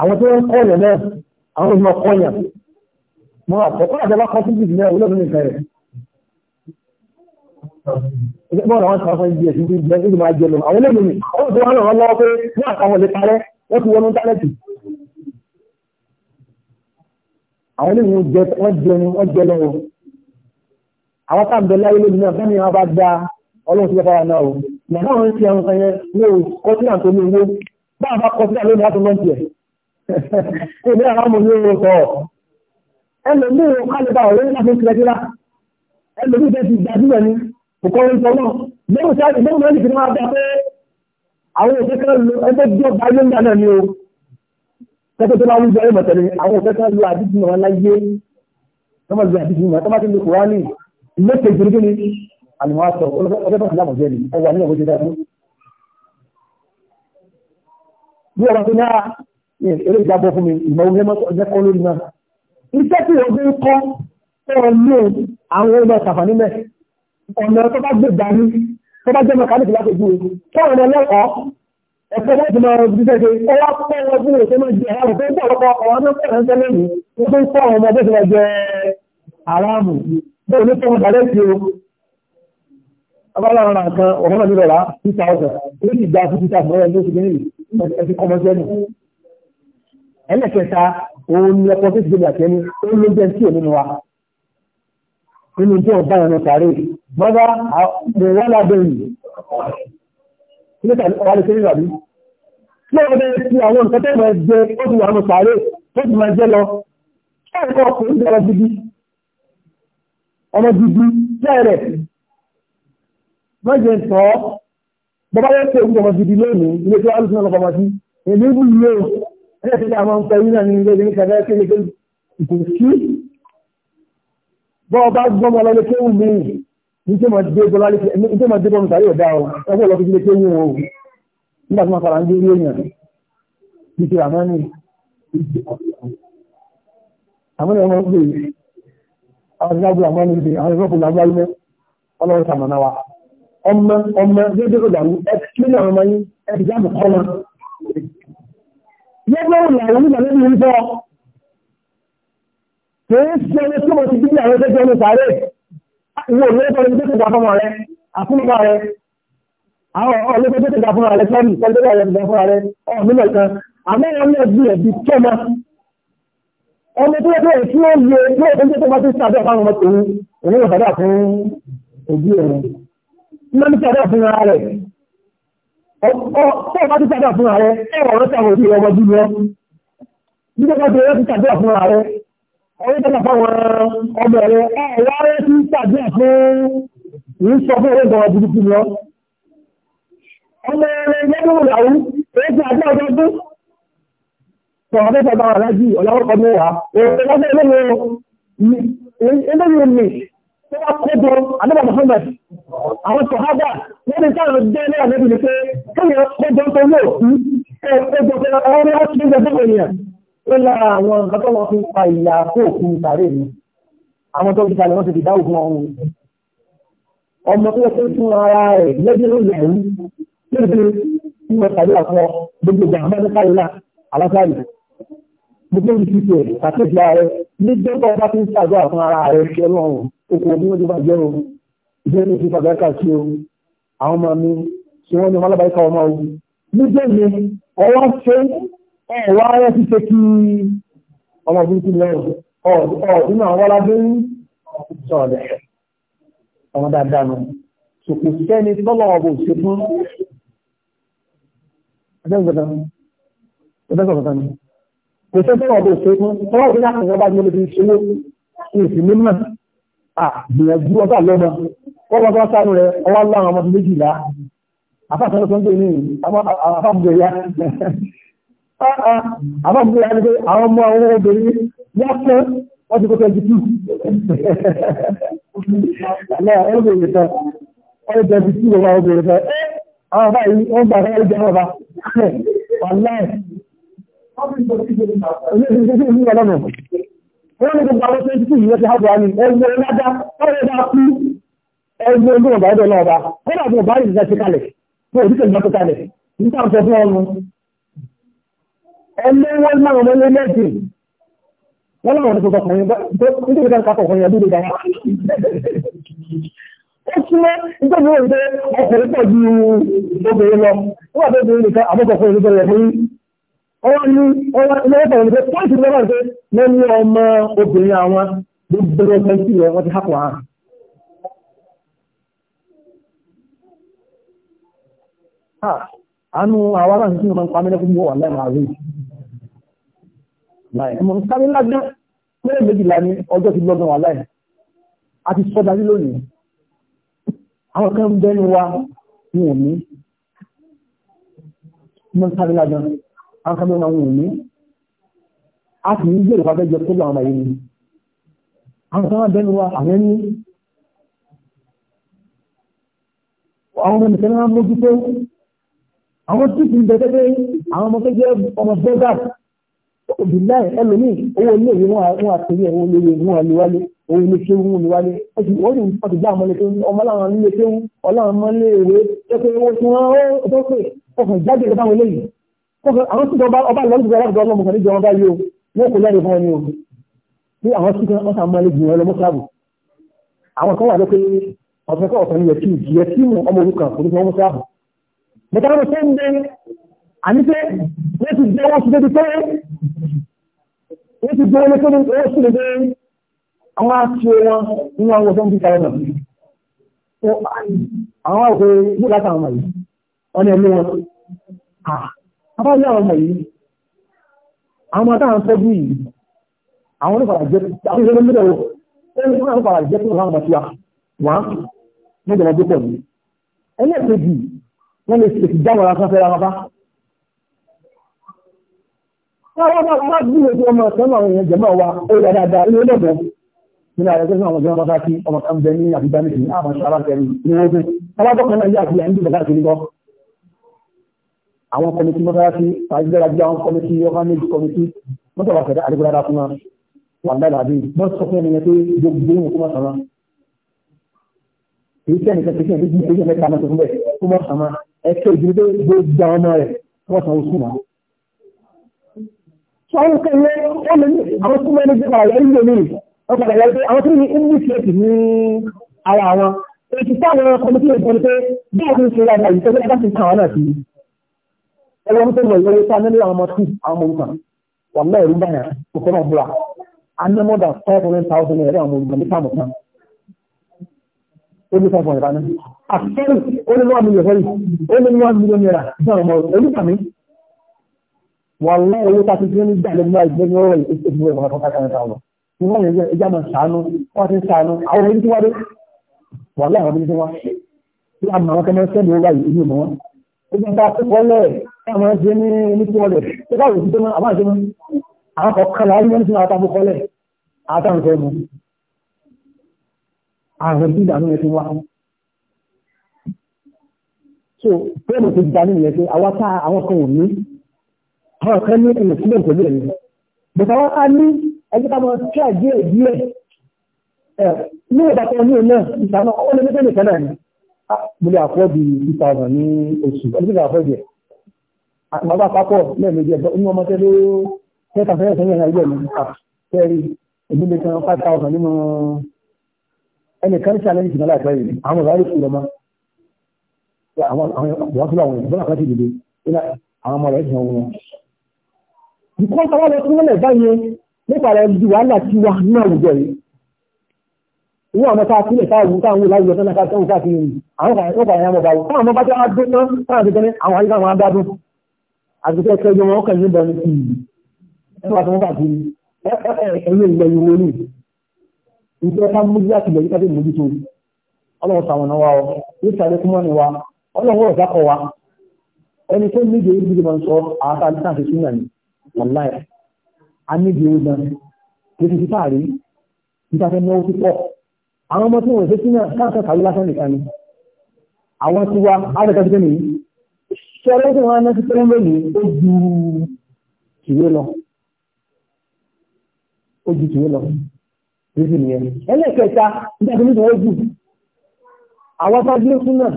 àwọn tó ń kọ́yàn náà àwọn ìmọ̀ kọ́yàn mọ́ àkọ́kọ́ àjọba kan sí ìdílé olóògùn nìkan rẹ̀ ẹgbẹ́ bọ́ọ̀lù àwọn ìsàkọ́ ìdí ẹ̀sìn tó jẹ́ ìdí máa jẹun àwọn olóògùn ni àwọn tó wà lọ́wọ́ lọ́wọ́ pé ní àtàwọn lè parẹ́ wọ́n ti wọnú tálẹ́tì àwọn olóògùn jẹ wọ́n jẹun wọ́n jẹ lọ́wọ́ àwọn tá à ń bẹ láyé lónìí náà bẹ́ẹ̀ ni wọ́n bá gba ọlọ́run ti lọ́fara náà o nàbáwọn ń ṣe ẹran kan yẹn ní o kọsílà tó ní owó báwọn bá kọsílà lónìí láti lọ́ọ̀tì ẹ̀ Èmi àwọn ọmọ mi ò sọ. Ẹlòmí ò kálíbà ọ̀rẹ́ nígbà tó ń tilẹ̀ kíra. Ẹlòmí bẹ́ẹ̀ ti gbajúmọ̀ ni, kò kọ́ orin sọ náà. Lẹ́yìn tí a ti gbọ́dọ̀ nípa máa bá pé àwọn òṣè kan lo ẹgbẹ́ bí ọba ilé ńlá náà ni o. Tẹ́tẹ́ tó bá wú jẹ́ ìmọ̀ tẹ̀lé, àwọn òṣè kan lo àdìsí mọ̀ láyé. Tọ́mọ̀ lu àdìsí mọ̀, tọ́mọ̀ ti lu Kùránì. Ilé kejì ní kíni? Àlùmọ́ aṣọ, ọlọ́fẹ́ bá ti lámọ̀ jẹ́ ni, ọwọ́ eré ìjábọ̀ fún mi ìmọ̀ ogun ẹ̀mẹ́kọ́ lórí náà. Iṣẹ́ tí ògbé ń kọ́ ọ̀rọ̀ ní àwọn ọmọ ìsàfà nílẹ̀. Ọ̀nà tó bá gbé dání, tó bá jẹ́ mẹkáníkì láti gbé. Kọ́ọ̀rọ̀ ní ọlọ́kọ̀ọ́, ẹ̀kọ́ láti máa rọ̀ bí sẹ́ṣe, ó wá pẹ́ lọ fún òṣè máa jẹ aráàmù tó ń pọ̀ lọ́pọ̀ ọ̀rọ̀ tó ń tẹ́lẹ̀ mí, ó tó ń kọ́ ọmọ bó ti máa jẹ aráàmù. Bẹ́ẹ̀ ni fún ọ̀dàlẹ́ ti o. Abálára kan, ọ̀rọ̀ náà nílò rà, 2000, ó sì gba 5000 mọ́ra ní oṣù ẹlẹ́kẹta òun ni ọkọ̀ tó ti gbé àti ẹni ó ló jẹ́ sí òun wa nínú tí wọ́n bá ẹnu tàrí bọ́dá mo wá lábẹ́ yìí kí ló tàbí ọwá lè ṣe nígbàdí lọ́wọ́ bẹ́ẹ̀ sí àwọn nǹkan tó máa jẹ ó ti wà nù tàrí ó ti máa jẹ lọ ẹ̀kọ́ ọkùnrin jẹ́ ọmọ ọmọ gidi jẹ́rẹ̀ mọ́jẹ̀ sọ bọ́bá yẹ́ pé ọmọ gidi lónìí ilé tí wọ́n á lè fún ọlọ́pàá ẹ̀rẹ́ ti àwọn ń pẹ̀lú náà ní ilé ní kẹfẹ́ kéde pé kò sí bọ́ ọba gbọ́mọ lọ́lẹ́ kéwù mí ní tí wọ́n dé bọ́lá ní tí wọ́n dé bọ́mọ sàrí ọ̀dá o ẹgbẹ́ lọ́kọ́ sílé kéwù o nígbà tí wọ́n fara ń gbé èèyàn ní ti àmọ́ ní àmọ́ ní ọmọ ń pè àwọn ìgbàgbọ́ àmọ́ ní ti àwọn ìgbàgbọ́ lágbáyé mọ́ ọlọ́run sàmọ́ná wa ọmọ ọmọ déédéé kò dàrú ẹ lọ́gbọ́n ìlànà nígbà lẹ́nu ń tí mo ti ẹgbẹ́ ẹni sáré ìwọ olóògbé tó ti àwọn olóògbé tó ti gbà fún rẹ fún rẹ ọ̀ mọ́ ọmọ tó fún òbí rẹ̀ Ọ̀pọ̀ ọmọ bí lọ. Nígbàgbà tó rẹ̀ ti sàdúrà fún ààrẹ, ọ̀rẹ́ tẹ́lá fáwọn ọmọ rẹ̀, ẹ̀wà rẹ̀ ti sàdúrà fún ìrìn sọ fún ẹ̀rẹ́ ìgbọ̀wọ̀ burúkú lọ. Ọmọ rẹ̀ lẹ́gbẹ̀rún làwú, èyí ti àdúrà ọdọọdún. Sọ̀rọ̀ tó wá kóbo àdébà Muhammad àwọn sọ̀hábà lórí táwọn dé ní àlébì ni pé kéèyàn kóbo tó lò sí kóbo tó ọwọ́ ní wọ́n ti ń gbẹ̀gbẹ̀ ènìyàn ó lára àwọn nǹkan tó wọ́n fi pa ìyà kó òkun tàrí mi àwọn tó ń kíkalẹ̀ wọ́n ti fi dáhùn fún ọ̀hún ọmọ tó yẹ fún ara rẹ̀ lẹ́bí ló yẹ̀ ń lórí bí wọ́n tàbí àfọ gbogbo ìgbà àmọ́ gbogbo ìdíje àtẹ̀já rẹ ní dẹ́gbẹ́ ọba tí ń ṣàjọ àwọn ará rẹ ṣe lọ́rùn oko bí wọ́n ti bá jẹ́ ohun ìjẹ́ ní ìfipá bẹ́ẹ̀ kà sí ohun àwọn ọmọ mi tí wọ́n ní ọmọ alábàáyé ká ọmọ ohun níjẹ́ mi ọwọ́ ṣe ẹ̀wọ́ ayé ti ṣe kí ọmọ burúkú lẹ́rù ọ̀ nínú àwọn ọlábẹ́ ń sọ̀rọ̀ ọmọ dáadáa nù sòkò sẹ́ni tọ́lọ̀ ọ̀bọ òṣè fún ẹgbẹ́ ìgbàdàn ẹgbẹ́ ìgbàdàn kò tó fún ọdún ṣe fún ọwọ́ ìdí láti ìjọba ní olùdí ìṣòwò ìsìn ní mọ̀ àgbìyànjú ọjà lọ́mọ wọ́n bá bá sáré rẹ̀ ọwọ́ láwọn ọmọdé méjìlá afáàtàn tó ń gbé ní àfáàbùgbé ya àfáàbùgbé ya ni pé àwọn ọmọ àwọn obìnrin yá pé wọ́n ti kó twenty two àlẹ́ ọ̀rẹ́bìnrin kan ọ̀rẹ́ twenty two ọba obìnrin kan àwọn báyìí wọ́n gbà fẹ́ jẹ́ ọba wàláì Wọ́n ní ti hábọ̀ àmì ẹgbẹ́ ọlọ́dá ọ̀rẹ́ bá kú ẹgbẹ́ ọgbọ́n ọba ẹgbẹ́ ọlọ́ọ̀bá. Wọ́n dàbí ọba yìí ti kalẹ̀ fún òdíkẹ̀ ìgbà tó kalẹ̀ nígbà tó fún ọwọ́ àwọn gbogbo ọmọ wọ́n ti hapọ̀ àrùn àánú àwọn aráàlú tí wọ́n pa mílẹ̀ fún wọ́n lágbá mẹ́rin méjìlá ní ọjọ́ ti lọ́gbọ̀n wà láì àti sọ́dá sí lónìí àwọn kan bẹ́nu wa ní mọ̀ nǹkan akẹ́mọ́ ma wù ní a sì ń gbèrò pàtẹ́jọ tó lọ àwọn ẹni àwọn kan máa bẹnu wa àwọn ẹni àwọn ọmọ nìkan máa mójú tó àwọn tí kì í bẹ tẹ́tẹ́ àwọn ọmọ tó jẹ́ ọmọ bẹ́gà òbílẹ̀ ẹlòmíì owó ilé ìwé wọn àtẹ̀yẹ owó ilé ìwé wọn àlewálé owó ilé ṣé wọn àlewálé wọ́n sì wọ́n ti gbá ọmọ lẹ́kẹ́ ọmọ láwọn ilé ṣé wọn ọlọ́run mọ́ lé ìwé tẹ́tẹ́ owó tí wọ́n ó tó pè ọkàn jáde lọ́wọ́ lẹ́yìn àwọn tí ọba lọ́dún ọlọ́dún ọlọ́mọ kan níjọ ọba yóò wọ́n kò lẹ́rìí fún ẹni ogun ní àwọn tí wọ́n sá máa lè jù ọlọ́mọ sáàbù àwọn kan wà ló pé ọ̀sẹ̀kọ̀ ọ̀sẹ̀ ni yẹtí ìjìyẹ tí mú ọmọ orúkọ kò ní ọmọ sáàbù mẹ́ta ló ṣe ń bẹ àní pé wọ́n ti gbé wọ́n ti débi pé wọ́n ti gbé wọ́n lẹ́kọ́ wọ́n sì lè dé àwọn àti wọn nínú àwọn ọ̀sẹ̀ ń bí sáyẹn náà àwọn àwòkè yóò látàwọn yìí wọ́n ní ẹlẹ́wọ̀n abájá ọmọ yìí àwọn atáà ń fẹ́jú yìí àwọn onípàdà jẹ́ àwọn ìṣẹ́lẹ̀ mílẹ̀ o ẹni tó náà pàdà jẹ́ tó náà bàtí wa wà mẹ́jọba tó pọ̀ ní ẹlẹ́ẹ̀kejì wọ́n lè ṣètì jámọ̀ra kan fẹ́ra wọn bá wọ́n bá bá bí ètò ọmọ sẹ́mọ̀ àwọn èèyàn jẹ̀mọ̀ wa ó yà dáadáa ilé lọ́gbọ̀n nínú àwọn ẹgbẹ́ àwọn ọmọ bá kí ọmọ kan bẹ ní àbújá nìkan àbáṣe aláṣẹ ní ogun alábọ́kan náà yà àti àyíǹdì bàbá àti nígbọ́ àwọn kọmitì mọ́sálásí àjíjára àwọn kọmitì orphanage kọmitì mọ́sálásí àfẹ́dá àdígbòdára fún wọn wà ní àbí wọ́n sọ fún ẹnìyàn pé gbogbo ohun kó mọ̀ sàmá èyí tí ẹnìkan tẹ̀sí ẹ̀dí gbígbé ẹ̀jẹ̀ mẹ́ta mẹ́ta fúnbẹ̀ kó mọ̀ sàmá ẹ̀kẹ́ ìdílé pé gbogbo àwọn ọmọ rẹ̀ kó mọ̀ sàmó sùn náà. sọ àwọn kẹlẹ ó lè ní àwọn tó mẹ́rin jẹ́ pàrọ̀ yẹn lè nìyí wọ́n padà yẹ pé àwọn tó ní english rate ní ara àwọn èyí tí táwọn kọmitì rẹ̀ sọ ni pé bí wọ́n ti ń ṣe ra ìgbà ẹgbẹ́ ní tẹ́lẹ̀ ìwé sáà nílé àwọn ọmọ tí àwọn ọmọ òrukàn wà lẹ́ẹ̀ rí báyà kò fẹ́ràn búra a ní mọ́dà five hundred thousand naira àwọn òrukàn ní sáà mọ̀kan ó ní five hundred rani àfẹ́rì ó ní one million fẹ́rì ó ní one million naira ní àwọn ọmọ òrukàn mi wà lẹ́ẹ̀ owó tá a ti fi ní gbà lẹ́nu láì lẹ́nu ọ̀rọ̀ ìṣèjì rẹ̀ wọ́n five hundred thousand ní wọ́n yẹn ẹja táwọn máa ń ṣe ní onípò ọlẹ̀ tó káwò sí tó máa àbá ṣe mọ́ àwọn kọ̀ọ̀kan láàrín wọn sí àtàkù kọlẹ̀ àtàkù mu àwọn tí ìdààmú ẹ̀ ti wá wọn. so pẹ́ẹ́nù ti dààmú ẹ̀ pé àwọn tá àwọn kan ò ní àwọn kan ní ẹ̀yìn sílẹ̀ pẹ̀lú ẹ̀yìn bùkà wọn á ní ẹgbẹ́ ká máa tíra díẹ̀ díẹ̀ ẹ̀ ní ìbátan ní ìlú náà ìtàn náà ó lé mẹ́tẹ́ẹ̀nì kan náà ah, ní àtìmọ́gbà pápọ̀ lẹ́ẹ̀mejì ẹ̀bọ́ inú ọmọ tẹ́lẹ̀ tẹ́ta fẹ́rẹ̀ sẹ́yìn ẹ̀yà ìgbẹ̀mí kẹrì ìdílé kan five thousand nínú ẹnì kan náà láìpẹ́ yìí àwọn àwọn àwọn fúlà wọn ìbọn àkàtì dìde nígbà àwọn ọmọ rẹ̀ ìṣòro wọn. ìkọ́ sábà lọ sí nílẹ̀ báyẹn nípa rẹ̀ ju wàhálà tí wà ní àwùjọ yìí. Ìwé ọmọ tá a sílẹ̀ táwọn òun táwọn láwùjọ tó náà ká sẹ́wọ̀n káàkiri àwọn kan àwọn kan àwọn ọmọ bá wọn. Táwọn ọmọ bá tẹ́ wọn á dé náà táwọn àti tẹ́lẹ̀ àwọn àtúntò ẹ̀kẹ́jọ wọn kàn níbọn ní ti yìí ẹwà tó ń fà kiri ẹ̀yẹ ìgbẹ́ yìí wọlé ìfẹ́ ká mójú àti ìgbẹ́ yìí ká tẹ̀ mójú tó ọlọ́run sàwọn wa ọ yóò sáré kúmọ́ ni wa ọlọ́run ọ̀sá kọ wa ẹni tó nídìí orí bíi sọ àáta àdìsá àti súnà ni wàláì a nídìí orí gan kéde ti fàárí níta fẹ́ náwó tó pọ̀ àwọn ọmọ tí wọ́n ṣe súnà káàkiri lásán nìkan ni àwọn tiwa á ṣe ọlọ́sìn wọn náà ti pẹ́ lónìí ó ju tìwé lọ ó ju tìwé lọ rírí nìyẹn ẹlẹ́kẹta nígbà tó nígbà ó jù àwọn fájúlé fún náà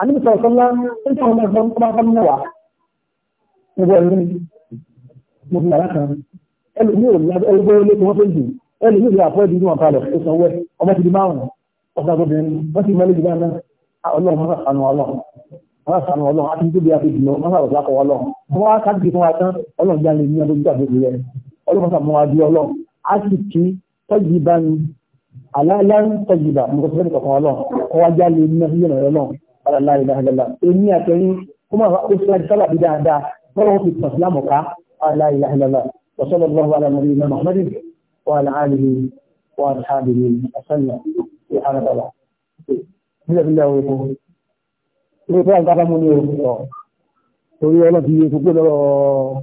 àníbìsọ ọ̀sánlá ń tọ́ ọmọ ẹ̀fọn ọmọ ẹ̀fọn mẹ́wàá gbogbo ẹ̀rí mo fi nàrà kan ẹlòmí ò lábẹ́ ẹgbẹ́ ilé tí wọ́n fẹ́ jù ẹlòmí ò lábẹ́ ẹ̀dí wọn palẹ̀ ó sanwó ẹ̀ ọmọ ti di márùn-ún ọ̀gá gbọ́dọ̀ ẹni wọ́n ti wọ́n sànù ọlọ́run á ti tóbi àti ìdùnnà wọ́n sàrọ̀ sákọ̀ ọlọ́run wọ́n á kájú fún wa tán ọlọ́run já lè ní ọdún gbà gbogbo rẹ̀ ọlọ́run sàmú wa bí ọlọ́run á sì kí tọ́jú bá ní aláìlá ń tọ́jú bá mo sọ́ni kankan ọlọ́run kọ́ wa já lè ní ọdún ọlọ́run الله على محمد وعلى آله وأصحابه وسلم سبحانك الله بسم الله ilé ìfẹ́ àgbàdàmú ni òun sọ torí ọlọ́fi yẹ gbogbo lọ́rọ̀